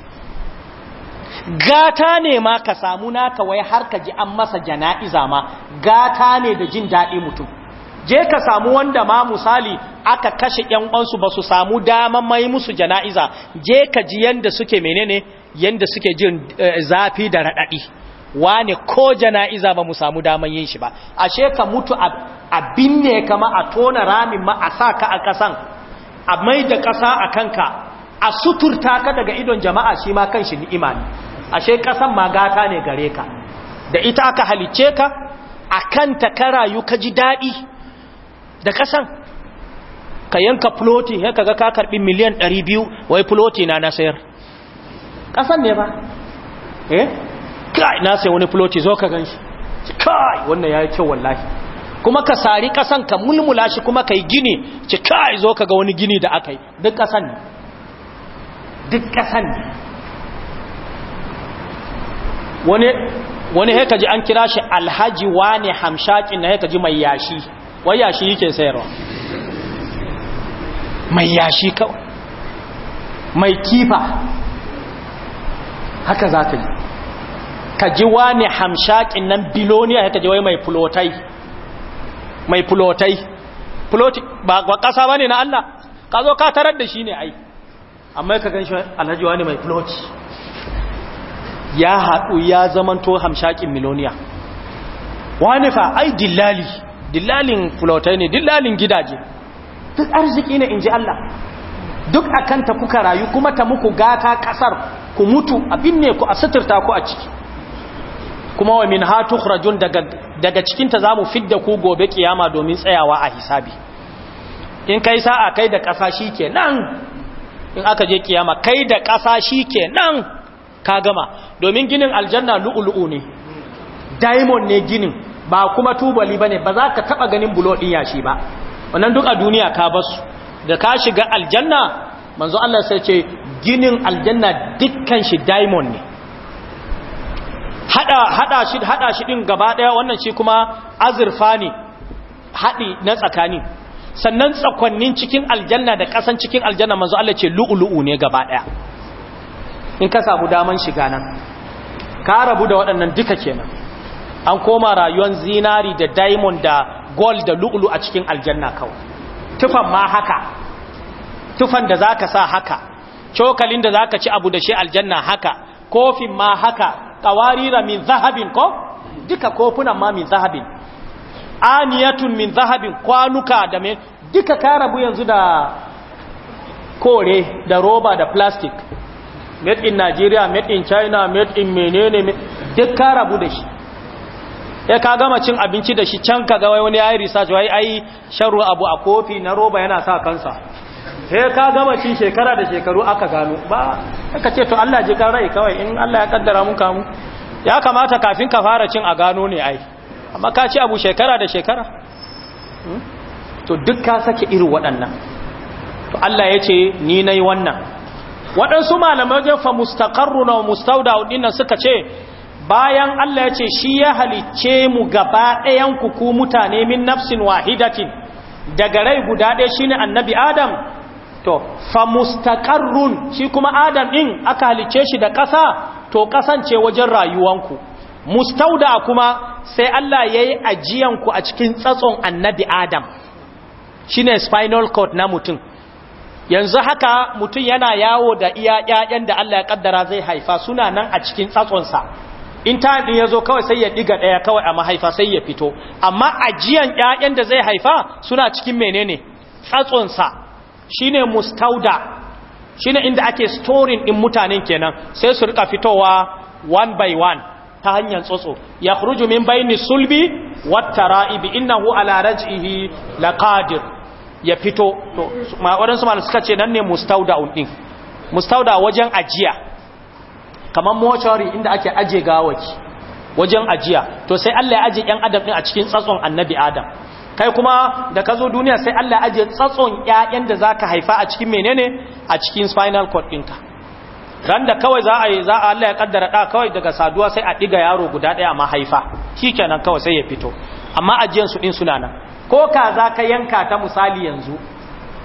gata ne ma ka samu naka wai har ka ji an masa jana'iza ma gata ne da jin daɗi mutum je ka samu wanda ma misali aka kashe ƴan uwansu ba su samu daman mai musu jana'iza je ka ji yanda suke menene yanda suke jin eh, zafi da raɗaɗi. wane ko jana'iza ba mu samu daman yin shi ba ashe ka mutu a binne kama a tona ramin ma a sa ka a kasan a mai da ƙasa a kanka a suturta ka daga idon jama'a shi ma kan shi ni'ima ne ashe ƙasan ma gata ne gare ka da ita aka halicce ka a kanta ka rayu ka ji daɗi da ƙasan ka yanka fuloti ya kaga ka karɓi miliyan 200 wai fuloti na na sayar ƙasan ne ba eh kai na sayi wani fuloti zo ka gan shi kai wannan ya yi kyau wallahi kuma ka sari ƙasan ka mulmula shi kuma ka yi gini ci kai zo ka ga wani gini da aka yi duk ƙasan ne duk ƙasan ne wani wani haka ji an kira shi alhaji wani hamshakin na haka ji mai yashi wai yashi yake sayarwa mai yashi kawai mai kifa haka za ka ji ka ji wani hamshakin nan biloniya haka ji wai mai fulotai mai fulotai fuloti ba ƙasa ba ne na Allah ka zo ka tarar da shi ne ai amma ka gan shi alhaji wani mai fuloti ya haɗu ya zamanto hamshakin miloniya wani fa ai dillali dillalin fulotai ne dillalin gidaje duk arziki ne in ji Allah duk a kanta kuka rayu kuma ta muku gata kasar ku mutu abin ne ku a suturta ku a ciki kuma wa min ha tukhrajun daga daga cikinta za mu fidda ku gobe kiyama domin tsayawa a hisabi in kai sa'a kai da ƙasa shi ke nan in aka je kiyama kai da ƙasa shi ke nan ka gama domin ginin aljanna lu'ulu'u ne diamond ne ginin ba kuma tubali ba ne ba za ka taɓa ganin bulo ɗin yashi ba wannan duk a duniya ka basu da ka shiga aljanna manzo Allah sai ce ginin aljanna dukkan shi diamond ne hada hada shi hada shi din gaba daya wannan shi kuma azurfa ne hadi na tsakani sannan tsakonnin cikin aljanna da kasan cikin aljanna manzo Allah ce lu'lu'u ne gaba daya in ka samu daman shiga nan ka rabu da waɗannan duka kenan an koma rayuwar zinari da diamond da gold da lu'lu'u a cikin aljanna kawai tufan ma haka tufan da zaka sa haka cokalin da zaka ci abu da shi aljanna haka kofin ma haka qawarira min zahabin ko duka kofunan ma min zahabin aniyatun min zahabin kwanuka da me duka karabu yanzu da kore da roba da plastic made in Nigeria made in China made in menene duk ka rabu da shi ya ka gama cin abinci da shi can kaga wai wani yayi research wai ai sharru abu a kofi na roba yana sa kansa sai ka gama ci shekara da shekaru aka gano ba aka ce to Allah ji kan rai kawai in Allah ya kaddara mun kamu ya kamata kafin ka fara cin a gano ne ai amma ka ci abu shekara da shekara hmm? to duk ka sake irin waɗannan to Allah ya ce ni nai wannan waɗansu malamai fa mustaqarruna wa mustawda'un dinnan suka ce bayan Allah ya ce shi ya halicce mu gaba ɗayan ku ku mutane min nafsin wahidatin daga rai guda ɗaya shine annabi Adam to fa mustaqarrun shi kuma adam din aka halice shi da ƙasa to kasance wajen rayuwanku mustauda kuma sai Allah yayi ajiyan ku a cikin tsatson annabi adam shine spinal cord na mutum yanzu haka mutum yana yawo da iya ƴaƴan da Allah ya kaddara zai haifa suna nan a cikin tsatsonsa in ta din yazo kawai sai ya diga daya kawai a mahaifa sai ya fito amma ajiyan ƴaƴan da zai haifa suna cikin menene tsatsonsa Shi ne mustauda shi ne inda ake storin din mutanen kenan sai su rika fitowa one by one ta hanyar tsotso ya kuruju min bayani sulbi wattara'ibi innahu ala raj'ihi laqadir ya fito to ma wadansu suka ce nan ne mustauda din mustauda wajen ajiya kamar mortuary inda ake aje gawaki wajen ajiya to sai Allah ya aje yan adam din a cikin tsatson annabi adam kai kuma da ka zo duniya sai Allah ajiye tsatson ƴaƴan da zaka haifa a cikin menene a cikin spinal cord ɗinka ran da kawai za a yi za a Allah ya kaddara da kawai daga saduwa sai a ɗiga yaro guda ɗaya a mahaifa shikenan kawai sai ya fito amma ajiyan su din suna nan ko ka za ka yanka ta misali yanzu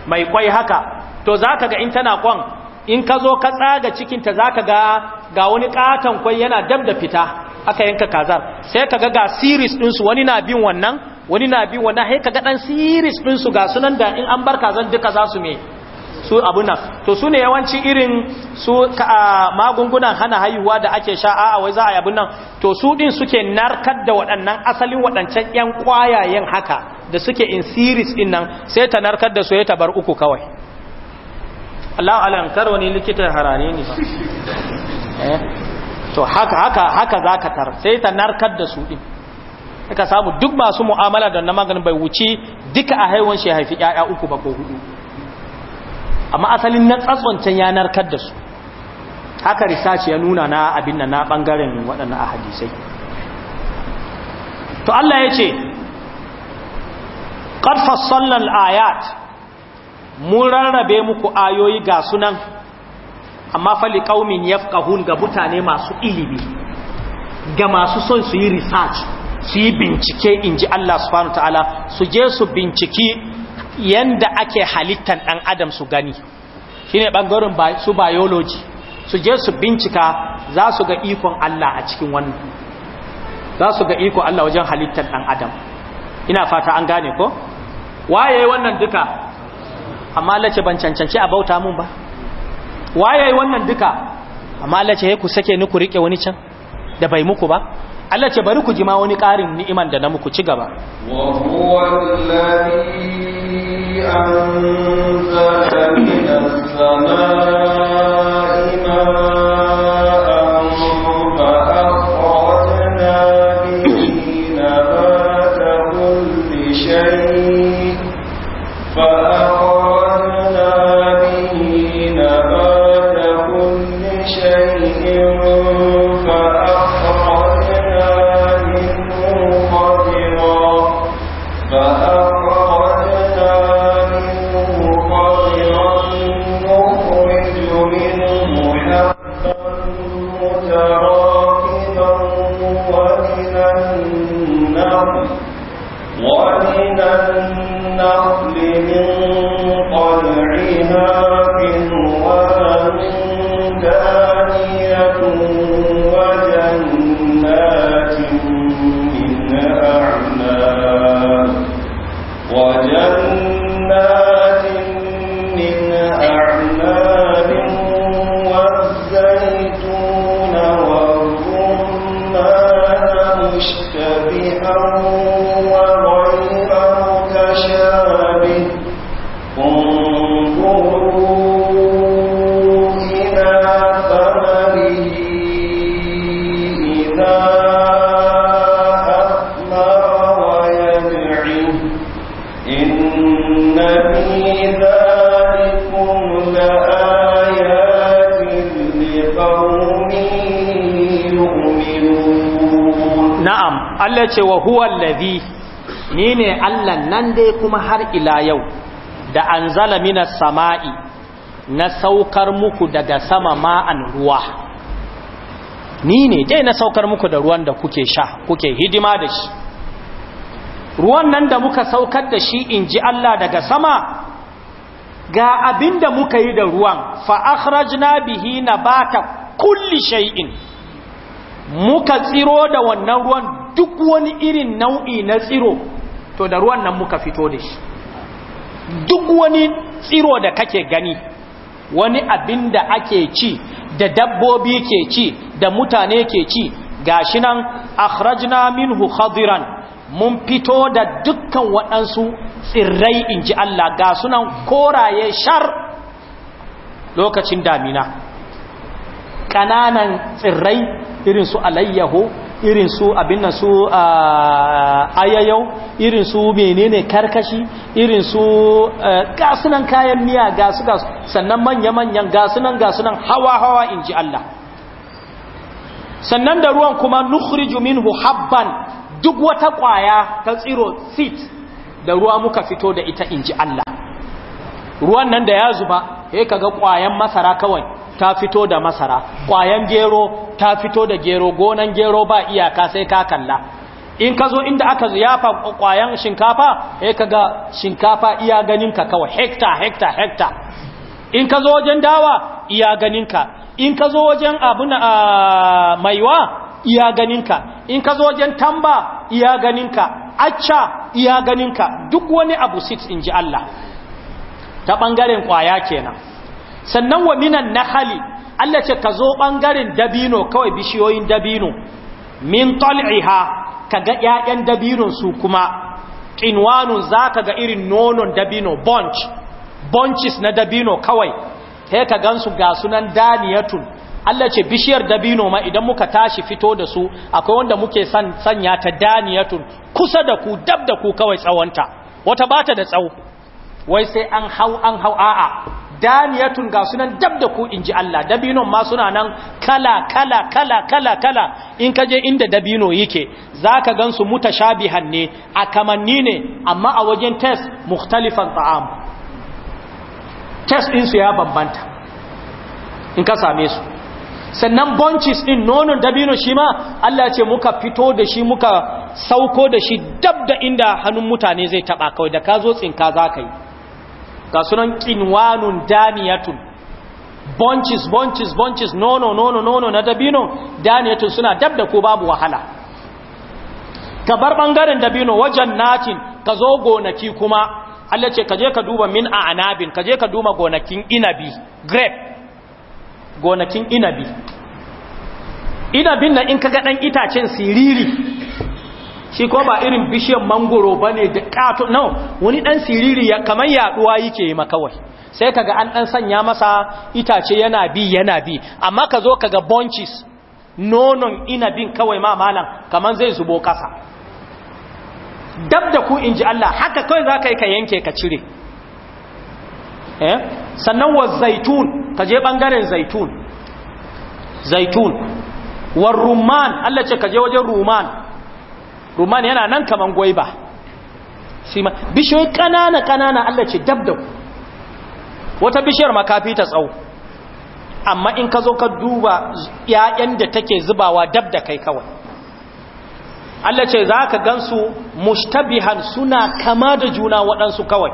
mai kwai haka to zaka ga in tana kwan in ka zo ka tsaga cikinta zaka ga ga wani katon kwai yana dab da fita aka yanka kazar sai ka ga ga series ɗinsu wani na bin wannan wani na bi wani haika ga ɗan siris ɗinsu su ga sunan da in an barka zan duka za su me su abu nan to su ne yawanci irin su magungunan hana haihuwa da ake sha a wai za a yi abu nan to su din suke narkar da waɗannan asalin waɗancan ƴan ƙwayayen haka da suke in siris ɗin nan sai ta narkar da su ya tabar uku kawai Allah alam karo ne likita harare ne ba eh? to haka haka haka zaka tar sai ta narkar da su din ka samu duk masu mu'amala da na maganin bai wuce duka a haihuwan shi haifi 'ya'ya uku ba ko hudu amma asalin na tsatsoncen yanar narkar da su haka risaci ya nuna na abin nan na bangaren waɗannan ahadisai to Allah ya ce qad fassalna ayat mun rarrabe muku ayoyi ga sunan amma fa liqaumin yafqahun ga mutane masu ilimi ga masu son su yi research su yi bincike in ji Allah subhanahu ta'ala su je su binciki yadda ake halittan ɗan adam su gani shi ne ɓangaren su biology su je su bincika za su ga ikon Allah a cikin wannan za su ga ikon Allah wajen halittar ɗan adam ina fata an gane ko waye wannan duka amma lace ban cancanci a bauta mun ba waye wannan duka amma lace ku sake ni ku rike wani can da bai muku ba Allah ce bari ku jima wani ƙarin ni'iman da na muku ci gaba wa huwa allazi nan dai kuma har ila yau da anzala minas sama'i na saukar muku daga sama ma'an ruwa ni ne dai na saukar muku da ruwan da kuke sha kuke hidima da shi ruwan nan da muka saukar da shi in ji Allah daga sama ga abin da muka yi da ruwan fa'akhrajna bihi na ba kulli shay'in muka tsiro da wannan ruwan duk wani irin nau'i na tsiro to da ruwan nan muka fito da shi duk wani tsiro da kake gani wani abin da ake ci da dabbobi ke ci da mutane ke ci gashi nan akhrajna minhu khadiran mun fito da dukkan waɗansu tsirrai in ji Allah ga sunan koraye shar lokacin damina ƙananan tsirrai irin su alayyahu. irin su abin nan su ayayau irin su menene karkashi irin su gasunan kayan miya gasu gasu sannan manya-manyan gasunan gasunan hawa-hawa in ji Allah sannan da ruwan kuma nukhriju minhu habban duk wata kwaya ta tsiro sit, da ruwa muka fito da ita in ji Allah ruwan nan da ya zuba sai kaga ƙwayan masara kawai ta fito da masara ƙwayan gero ta fito da gero gonan gero ba iyaka sai ka kalla in ka zo inda aka ziyafa kwayan shinkafa sai kaga shinkafa iya ganinka kawai hekta hekta hekta in ka zo wajen dawa iya ganinka in ka zo wajen na maiwa iya ganinka in ka zo wajen tamba iya ganinka acca iya ganinka duk wani abu 6 inji Allah ta ɓangaren kwaya kenan sannan wa minan hali. Allah ce ka zo ɓangaren dabino kawai bishiyoyin dabino min tal'iha ka ga ‘ya'yan dabino su kuma ƙinwanu za ka ga irin nonon dabino bunch bunches na dabino kawai He ka gansu ga sunan daniyatun Allah ce bishiyar dabino ma idan muka tashi fito da su akwai wanda muke sanya ta daniyatun kusa da ku dab da ku kawai tsawonta wata bata da tsawo wai sai an hau an hau a'a daniyatun ga sunan dab da ku inji Allah dabinon ma suna nan kala kala kala kala kala in kaje inda dabino yake zaka gansu mutashabihan ne a kamanni ne amma a wajen test mukhtalifan ta'am test din su ya bambanta in ka same su sannan bunches din nonon dabino shi ma Allah ce muka fito da shi muka sauko da shi dab da inda hannun mutane zai taba kawai da ka zo tsinka za yi ga sunan kinwanun daniyatun bunches bunches bunches nono nono nono na dabino daniyatun suna dab da ko babu wahala ka bar bangaren dabino wajen natin ka zo gonaki kuma Allah ce ka je ka duba min a anabin ka je ka duba gonakin inabi grape gonakin inabi inabin na in ka ga dan itacen siriri shi ko ba irin bishiyar mangoro ba ne da ƙato no wani ɗan siriri kamar yaɗuwa yake yi makawai sai kaga an ɗan sanya masa itace yana bi yana bi amma ka zo kaga bunches nonon ina bin kawai ma malam kamar zai zubo ƙasa dab da ku in ji Allah haka kawai za ka yi ka yanke ka cire eh? sannan wa zaitun ka je ɓangaren zaitun zaitun war rumman Allah ce ka je wajen rumman rumani yana nan kaman gwaiba shi ma bishiyoyi ƙanana ƙanana Allah ce dab ku wata bishiyar makafi ta tsawo amma in ka zo ka duba ‘ya'yan da take zubawa dab da kai kawai Allah ce za ka gansu mushtabihan suna kama da juna waɗansu kawai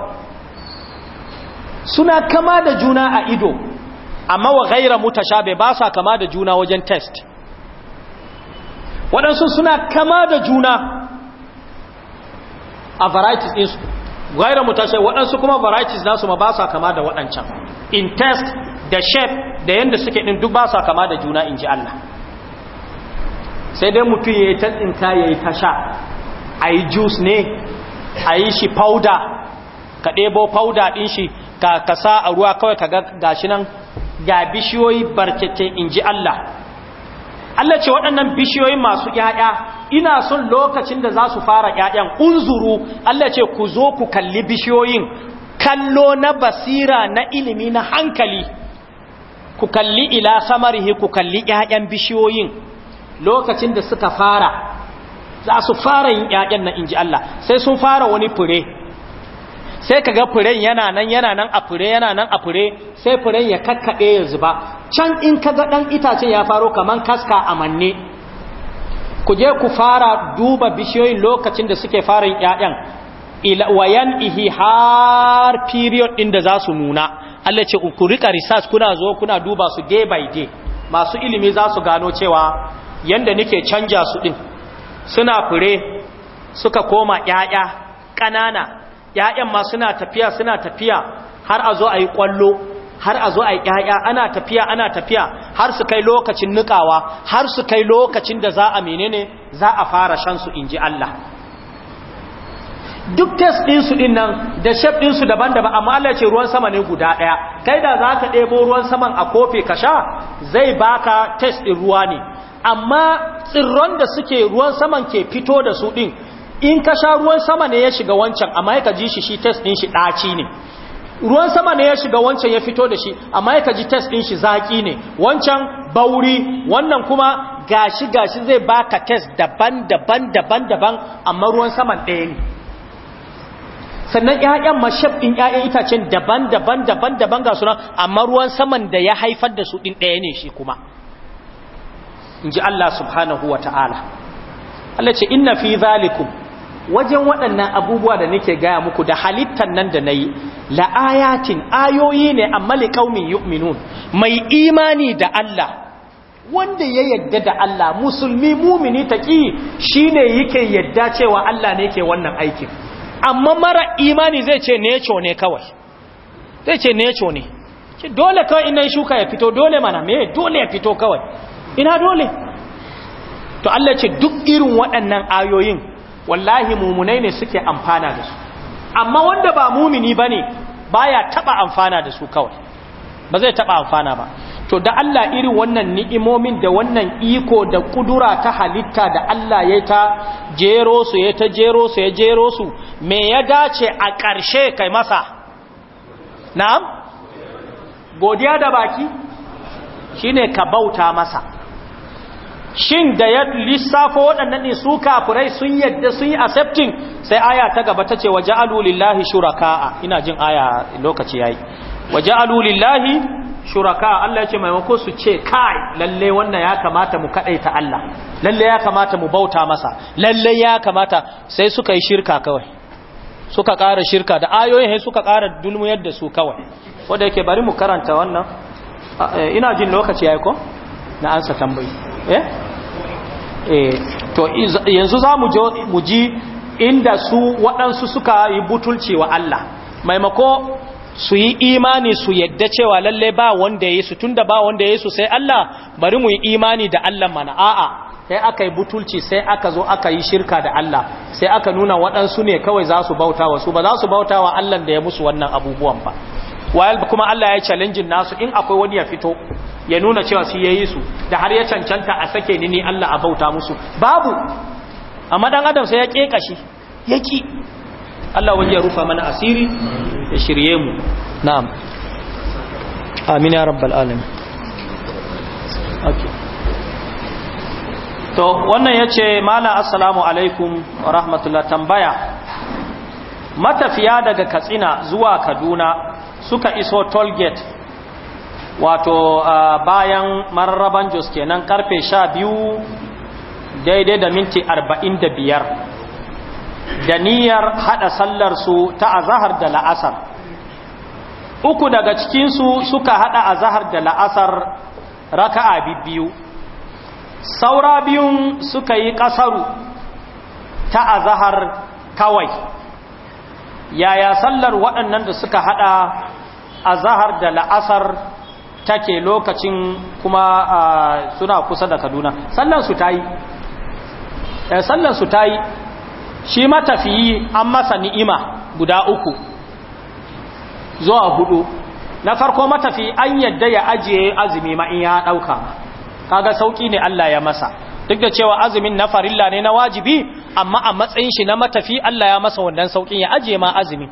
suna kama da juna a ido amma wa gaira mutashabe ba sa kama da juna wajen test waɗansu suna kama da juna a varieties ɗinsu gwaira mutashe waɗansu kuma varieties nasu ma ba sa kama da waɗancan in test da shape da yadda suke ɗin duk ba sa kama da juna in ji Allah sai dai mutum ya yi ta tsinta ya yi ta sha a yi juice ne a yi shi powder ka ɗebo powder ɗin shi ka kasa a ruwa kawai ka ga gashi nan ga bishiyoyi barkake in ji Allah Allah ce waɗannan bishiyoyi masu ƴaƴa ina son lokacin da za su fara ƴaƴan unzuru Allah ce ku zo ku kalli bishiyoyin kallo na basira na ilimi na hankali ku kalli ila samarihi ku kalli ƴaƴan bishiyoyin lokacin da suka fara za su fara yin ƴaƴan na inji Allah sai sun fara wani fure sai ka ga furen yana nan yana nan a fure yana nan a fure sai furen ya kakkaɓe ya zuba can in ka ga ɗan itacen ya faro kaman kaska a manne ku je ku fara duba bishiyoyin lokacin da suke fara ƴaƴan wayan ihi har period ɗin da za su nuna Allah ce ku rika research kuna zo kuna duba su day by day masu ilimi za su gano cewa yanda nake canja su ɗin suna fure suka koma ƴaƴa ƙanana Ya'yan ma suna tafiya suna tafiya har a zo a yi ƙwallo har a zo a yi ƴaƴa ana tafiya ana tafiya har su kai lokacin nukawa har su kai lokacin da za a menene za a fara shansu su inji Allah duk test ɗinsu ɗin nan da shef ɗinsu daban-daban amma Allah ce ruwan sama ne guda ɗaya kai da za ka ɗebo ruwan saman a kofi ka sha zai baka test ɗin ruwa ne amma tsirron da suke ruwan saman ke fito da su ɗin in ka sha ruwan sama ne ya shiga wancan amma ya kaji shi shi test din shi ɗaci ne ruwan sama ne ya shiga wancan ya fito da shi amma ya kaji test din shi zaƙi ne wancan bauri wannan kuma gashi gashi zai baka test daban daban daban daban amma ruwan saman ɗaya ne sannan ƴaƴan mashab din ƴaƴan itacen daban daban daban daban ga suna amma ruwan saman da ya haifar da su din ɗaya ne shi kuma in ji Allah subhanahu wa ta'ala Allah ce inna fi zalikum wajen waɗannan abubuwa da nake gaya muku da halittan nan da na yi la'ayatin ayoyi ne amma liƙaumin yu'minun mai imani da Allah wanda ya yadda da Allah musulmi mumini taki shi ne yake yadda cewa Allah ne ke wannan aikin amma mara imani zai ce neco ne kawai zai ce neco ne dole kawai inan shuka ya fito dole mana me dole ya fito kawai ina dole to Allah ce duk irin waɗannan ayoyin wallahi mumunai ne suke amfana da su amma wanda ba mumini ba ne baya taɓa amfana da su kawai ba zai taba amfana ba to da Allah irin wannan ni'imomin da wannan iko da kudura ta halitta da Allah ya ta jero su ya ta jero su ya jero su me ya dace a ƙarshe kai masa na'am godiya da baki shine ka bauta masa shin da ya lissafo waɗannan ne su kafirai sun yadda sun yi accepting sai aya ta gaba ta ce waje alulillahi shuraka'a ina jin aya lokaci ya yi waje alulillahi shuraka'a Allah ya ce maimako su ce kai lalle wannan ya kamata mu ta Allah lalle ya kamata mu bauta masa lalle ya kamata sai suka yi shirka kawai suka ƙara shirka da ayoyin sai suka ƙara dulmu da su kawai wanda yake bari mu karanta wannan eh, ina jin lokaci ya yi ko na ansa tambayi eh Eh, to yanzu za mu ji inda su waɗansu suka yi butulci wa Allah maimako su yi imani su yadda cewa lalle ba wanda ya su tunda ba wanda ya su sai Allah bari mu yi imani da Allah mana a'a sai aka yi butulci sai aka zo aka yi shirka da Allah sai aka nuna waɗansu ne kawai za su bauta wa su ba za su bauta wa Allah da ya musu wannan abubuwan ba wayal kuma Allah ya challenge nasu in akwai wani ya fito ya nuna cewa su yayi su da har ya cancanta a sake ni ne Allah a bauta musu babu amma dan adam sai ya keka shi yaki Allah wani ya rufa mana asiri ya shirye mu na'am amin ya rabbal alamin okay to wannan yace mala assalamu alaikum wa rahmatullah tambaya matafiya daga Katsina zuwa Kaduna suka iso toll gate wato bayan mararraban jos kenan karfe sha biyu daidai da minti arba'in da biyar da niyyar haɗa su ta azahar da la'asar uku daga cikinsu suka haɗa azahar da la'asar raka'a biyu saura biyun suka yi ƙasaru ta azahar kawai yaya sallar waɗannan da suka haɗa a zahar da la'asar take lokacin kuma suna kusa da kaduna sallar su yi. Eh, sallar su yi shi matafiyi an masa ni'ima guda uku zuwa hudu na farko matafi an yadda ya ajiye azumi ma in ya ɗauka kaga sauƙi ne Allah ya masa duk da cewa azumin na farilla ne na wajibi amma a matsayin shi na matafi Allah ya masa wannan saukin ya ajiye ma azumi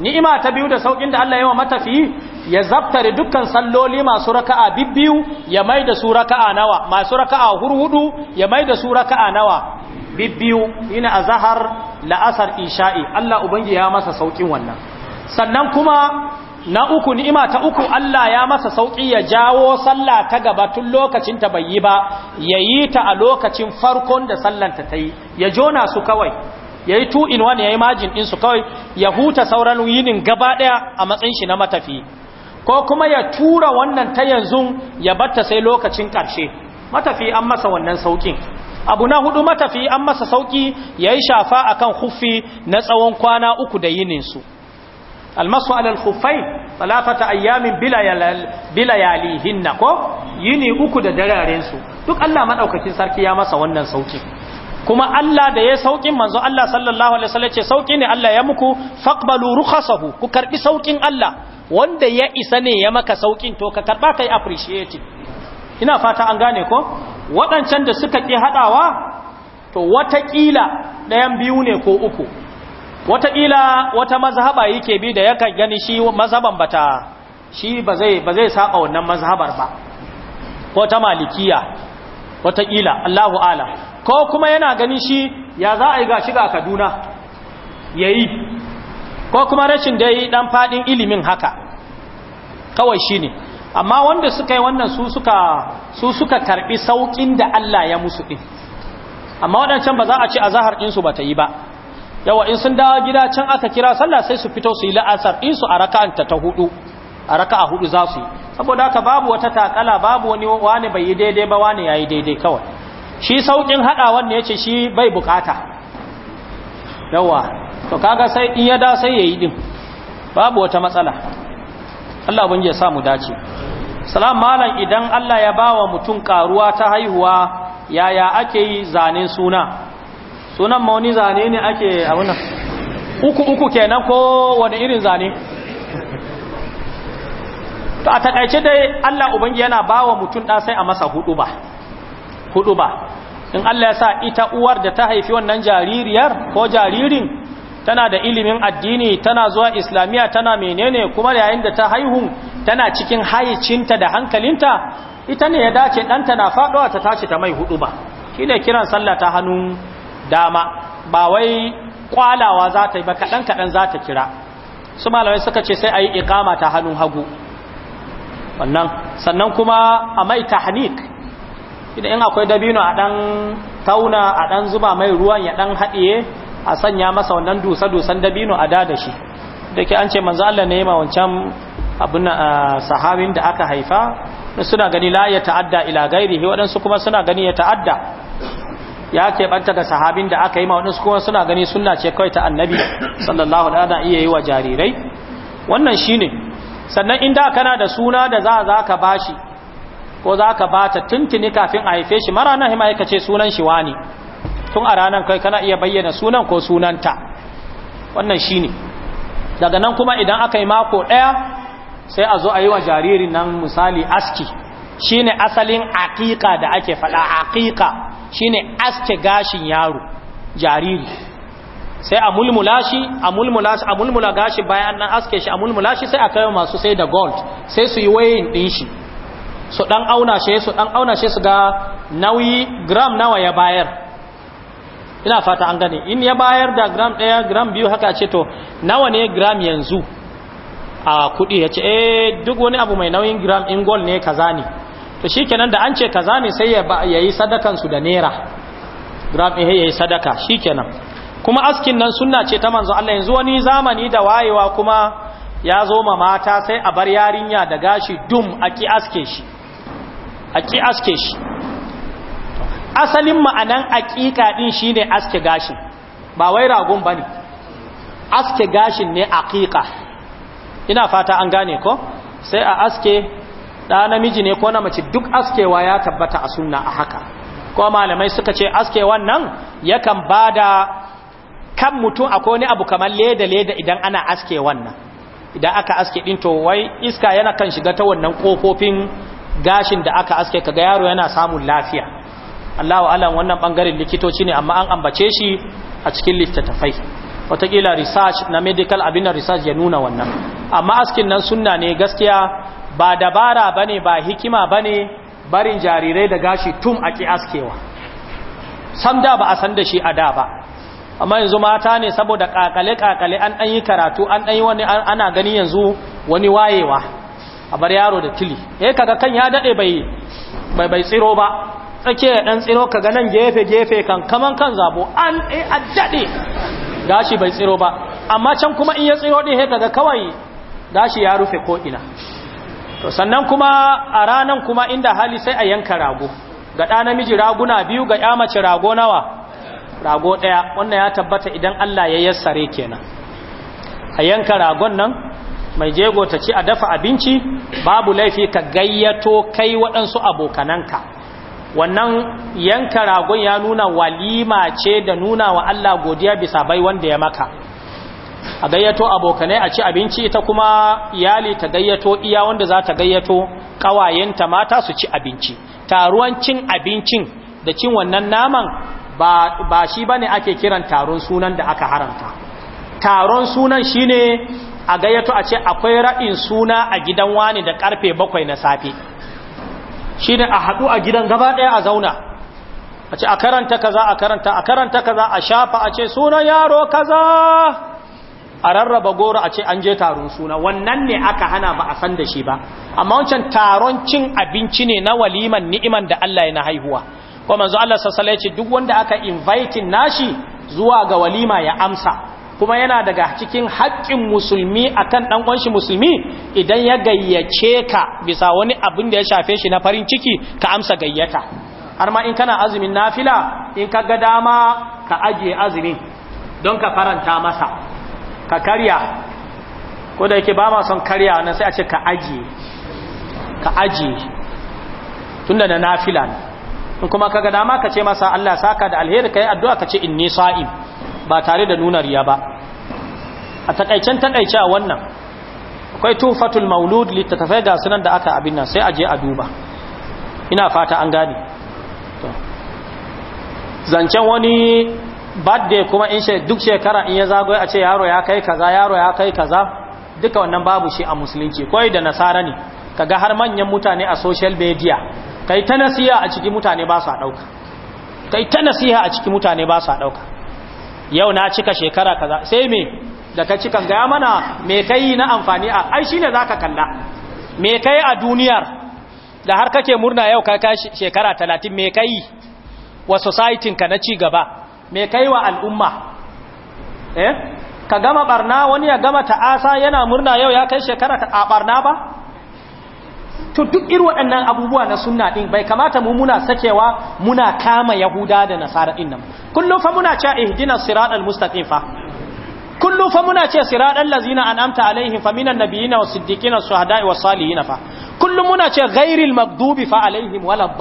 ni'ima ta biyu da saukin da Allah ya wa matafi ya zaftare dukkan salloli masu raka'a bibbiyu ya mai da su raka'a nawa masu raka'a hurhudu ya mai da su raka'a nawa bibbiyu ina azhar la'asar isha'i Allah ubangi ya masa saukin wannan sannan kuma na uku ni'ima ta uku Allah ya masa sauki ya jawo sallah ta gaba tun lokacin ta bai yi ba yayi ta a lokacin farkon da sallanta ta yi ya jona su kawai yayi yi in wani ya yi majin su kawai ya huta sauran yinin gaba ɗaya a matsayin shi na matafi ko kuma ya tura wannan ta yanzu ya batta sai lokacin ƙarshe matafi an masa wannan sauƙin abu na hudu matafi an masa sauki ya yi shafa akan huffi na tsawon kwana uku da yinin su almasu alal khufai salatata ayyamin bilayalihinna ko yini uku da dararen su duk Allah madaukakin sarki ya masa wannan sauki kuma Allah da ya saukin manzo Allah sallallahu alaihi wasallam ce sauki ne Allah ya muku faqbalu rukhasahu ku karbi saukin Allah wanda ya isa ne ya maka saukin to ka karba kai appreciating ina fata an gane ko waɗancan da suka ki hadawa to watakila ɗayan biyu ne ko uku wataƙila wata mazhaba yake bi da yakan gani shi mazhaban bata shi ba zai ba zai saba wannan mazhabar ba ko ta malikiya watakila, Allahu ala ko kuma yana gani shi ya za a yi gashi ga Kaduna yayi ko kuma rashin dai dan fadin ilimin haka kawai shine amma wanda suka yi wannan su suka su suka karbi saukin da Allah ya musu din amma wadancan ba za a ce azhar din su bata yi ba yawa in sun dawo gida can aka kira sallah sai su fito su yi la'asar in su a raka'anta ta hudu a raka'a hudu za su yi saboda haka babu wata takala babu wani wani bai yi daidai ba wani yayi daidai kawai shi saukin wanda ne yace shi bai bukata yawa to kaga sai in ya da sai yayi din babu wata matsala Allah ubangi ya mu dace salam malam idan Allah ya bawa mutum karuwa ta haihuwa yaya ake yi zanen suna sunan mauni zane ne ake abunan uku uku kenan ko wani irin zane to a takaice dai Allah ubangi yana bawa mutum da sai a masa hudu ba hudu ba in Allah ya sa ita uwar da ta haifi wannan jaririyar ko jaririn tana da ilimin addini tana zuwa islamiyya tana menene kuma yayin da ta haihu tana cikin hayicinta da hankalinta ita ne ya dace ɗanta na faɗowa ta tashi ta mai hudu ba shi ne kiran sallah ta hannun dama ba wai kwalawa za ta yi ba kaɗan kaɗan za ta kira su malamai suka ce sai a yi ikama ta hannun hagu wannan sannan kuma a mai tahnik idan in akwai dabino a ɗan tauna a ɗan zuba mai ruwan ya ɗan haɗiye a sanya masa wannan dusa-dusan dabino a dada shi da ke an ce manzo Allah ne ma wancan abin ah, sahabin da aka haifa suna gani la ya ta'adda ila gairi waɗansu kuma suna gani ya ta'adda ya keɓanta da sahabin da aka yi ma waɗansu kuma suna gani sunna ce kawai ta annabi sallallahu alaihi wasallam iya yi wa jarirai wannan shine sannan in da kana da suna da za za ka bashi ko za ka bata tuntuni kafin a haife shi mara na hima ce sunan shi wani tun a ranar kai kana iya bayyana sunan ko sunanta wannan shine daga nan kuma idan aka yi mako ɗaya sai a zo a yi wa jaririn nan misali aski shine asalin aƙiƙa da ake faɗa aƙiƙa shine aske gashin yaro jariri sai a mulmula shi a mulmula shi a mulmula gashi bayan nan aske shi a mulmula shi sai a kai masu sai da gold sai su yi wayin din shi su dan auna shi su dan auna shi su ga nauyi gram nawa ya bayar ina fata an gane in ya bayar da gram 1 gram biyu haka ce to nawa ne gram yanzu a kuɗi ya ce eh duk wani abu mai nauyin gram in gold ne kaza ne to kenan da an ce kaza ne sai ya yi sadakan su da nera. gram eh yayi sadaka shi kenan kuma askin nan sunna ce ta manzo Allah yanzu wani zamani da wayewa kuma ya zo ma mata sai a bar yarinya da gashi dum a ki aske shi a ki aske shi asalin ma'anan aqiqa din shine aske gashin ba wai ba bane aske gashin ne aqiqa ina fata an gane ko sai a aske da namiji ne ko na mace duk askewa ya tabbata a sunna a haka ko malamai suka ce askewan nan yakan ba da kan mutum akwai wani abu kamar leda-leda idan ana aske wannan idan aka aske din to wai iska yana kan shiga ta wannan kofofin gashin da aka aske kaga yaro yana samun lafiya Allahu alam wannan bangaren likitoci ne amma an ambace shi a cikin littattafai Wataƙila research na medical abin research ya nuna wannan amma askin nan sunna ne gaskiya ba dabara bane ba hikima bane barin jarirai da gashi tum a ki askewa sam da ba a san da shi a da ba amma yanzu mata ne saboda kakale kakale an dan yi karatu an dan yi wani ana gani yanzu wani wayewa a bar yaro da tili eh kaga kan ya dade bai bai tsiro ba tsake ɗan tsiro kaga nan gefe gefe kan kaman kan zabo an eh addade gashi bai tsiro ba amma can kuma in ya tsiro din he kaga kawai gashi ya rufe ko'ina. to sannan kuma a ranan kuma inda hali sai a yanka rago ga ɗa namiji raguna biyu ga ya mace rago nawa rago ɗaya wannan ya tabbata idan Allah ya yassare kenan a yanka ragon nan mai jego ta ci a dafa abinci babu laifi ka gayyato kai waɗansu abokananka wannan yanka ragon ya nuna walima ce da nuna wa Allah godiya bisa bai wanda ya maka a gayyato abokanai a ci abinci ita kuma iyali ta gayyato iya wanda za ta gayyato ƙawayenta mata su ci abinci taruwan cin abincin da cin wannan naman ba, shi ba ne ake kiran taron sunan da aka haramta taron sunan shine a gayyato a ce akwai raɗin suna a gidan wani da karfe bakwai na safe shi ne a haɗu a gidan gaba ɗaya a zauna a ce a karanta kaza a karanta a karanta kaza a shafa a ce sunan yaro kaza a rarraba goro a ce an je taron suna wannan ne aka hana ba a san da shi ba amma wancan taron cin abinci ne na waliman ni'iman da Allah ya na haihuwa ko manzo Allah sallallahu ce duk wanda aka invite nashi zuwa ga walima ya amsa kuma yana daga cikin haƙƙin musulmi akan dan uwan shi musulmi idan ya gayyace ka bisa wani abin da ya shafe shi na farin ciki ka amsa gayyata har ma in kana azumin nafila in ka ga dama ka ajiye azumin don ka faranta masa ka karya ko da yake ba ma son karya nan sai a ce ka ajiye ka ajiye tunda na nafila ne in kuma kaga dama ka ce masa Allah saka da alheri kai addu'a ka ce inni sa'im ba tare da nuna riya ba a takaicen takaice a wannan akwai tufatul maulud littattafai ga sunan da aka abin nan sai a je a duba ina fata an gane zancen wani birthday kuma in duk shekara in ya zagoye a ce yaro ya kai kaza yaro ya kai kaza duka wannan babu shi a musulunci koi da nasara ne kaga har manyan mutane a social media kai ta nasiha a cikin mutane ba sa dauka kai ta nasiha a cikin mutane ba a dauka yau na cika shekara kaza sai me da ka cika ga mana me kai na amfani a ai shine zaka kalla me kai a duniyar da har kake murna yau ka kai shekara 30 me kai wa society ka na ci gaba Mai kai wa al'umma eh ka gama barna wani ya gama ta'asa yana murna yau ya kai shekara a barna ba to duk irin waɗannan abubuwa na sunna din bai kamata mu muna sakewa muna kama yahuda da nasara din nan kullum fa muna cewa ihdina siratal mustaqim fa kullum fa muna ce siratal lazina an'amta alaihim fa minan nabiyina Siddikina siddiqina was fa kullum muna ce ghairil maghdubi fa alaihim walad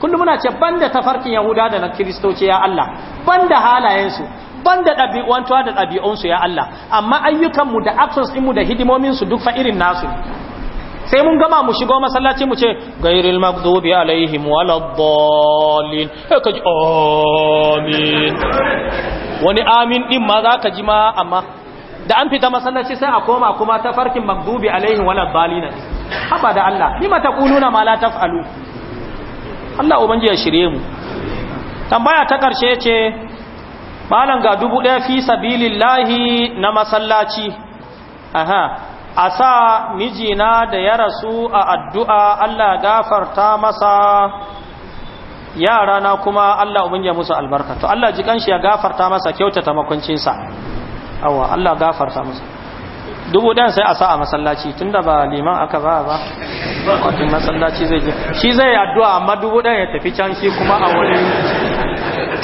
kullum muna ce banda tafarkin yahuda da na kiristoci ya Allah banda halayensu banda ɗabi'uwantuwa da ɗabi'unsu ya Allah amma ayyukanmu da actions ɗinmu da hidimominsu duk fa irin nasu sai mun gama mu shigo masallaci mu ce gairil maghdubi alaihim waladdallin sai ka ji amin wani amin din ma za ka ji ma amma da an fita masallaci sai a koma kuma tafarkin maghdubi alaihim waladdallin haba da Allah lima taquluna ma la taf'alu Allah ubangiji ya shirye mu tambaya ta ƙarshe ce malam ga dubu ɗaya fi sabilillahi na masallaci aha a sa mijina da ya rasu a addu'a Allah gafarta masa yarana kuma Allah ubangiji musu albarka to Allah ji kanshi ya gafarta masa kyautata makuncinsa awa Allah gafarta masa dubu ɗan sai a sa a masallaci tunda ba liman aka ba ba wakil masallaci zai je shi zai addu'a amma dubu ɗan ya tafi can shi kuma a wani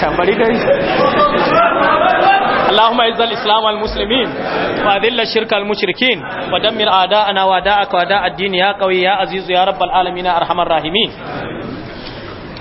tambari dai اللهم اعز الاسلام والمسلمين واذل الشرك المشركين ودمر اعداءنا واعداءك واعداء الدين يا قوي يا عزيز يا رب العالمين ارحم الراحمين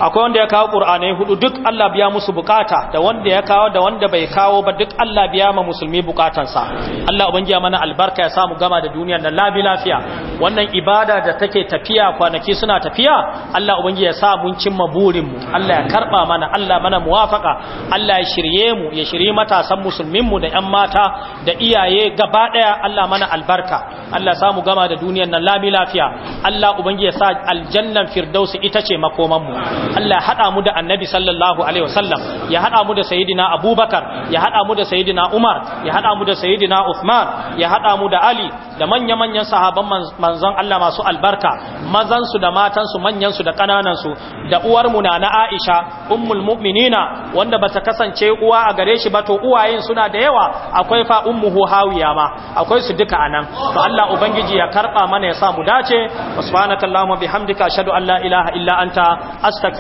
akwai wanda ya kawo qur'anai hudu duk Allah biya musu bukata da wanda ya kawo da wanda bai kawo ba duk Allah biya ma musulmi bukatansa Allah ubangiya mana albarka ya samu gama da duniyar nan labi lafiya wannan ibada da take tafiya kwanaki suna tafiya Allah ubangiya ya sa mun cimma burin mu Allah ya karba mana Allah mana muwafaka Allah ya shirye mu ya shirye matasan musulmin mu da ƴan mata da iyaye gaba daya Allah mana albarka Allah mu gama da duniyar nan labi lafiya Allah ubangiya ya sa aljannan firdausi ita ce makoman mu Allah ya haɗa mu da annabi sallallahu alaihi wasallam ya haɗa mu da sayyidina abubakar ya haɗa mu da sayyidina umar ya haɗa mu da sayyidina uthman ya haɗa mu da ali da manya-manyan sahaban manzon Allah masu albarka mazan su da matan su manyan su da kananan su da uwar mu na Aisha ummul mu'minina wanda bata kasance uwa a gare shi ba to uwayen suna da yawa akwai fa ummuhu hawiya ma akwai su duka anan to Allah ubangiji ya karba mana ya sa mu dace subhanakallahumma bihamdika ashhadu an la ilaha illa anta astaghfiruka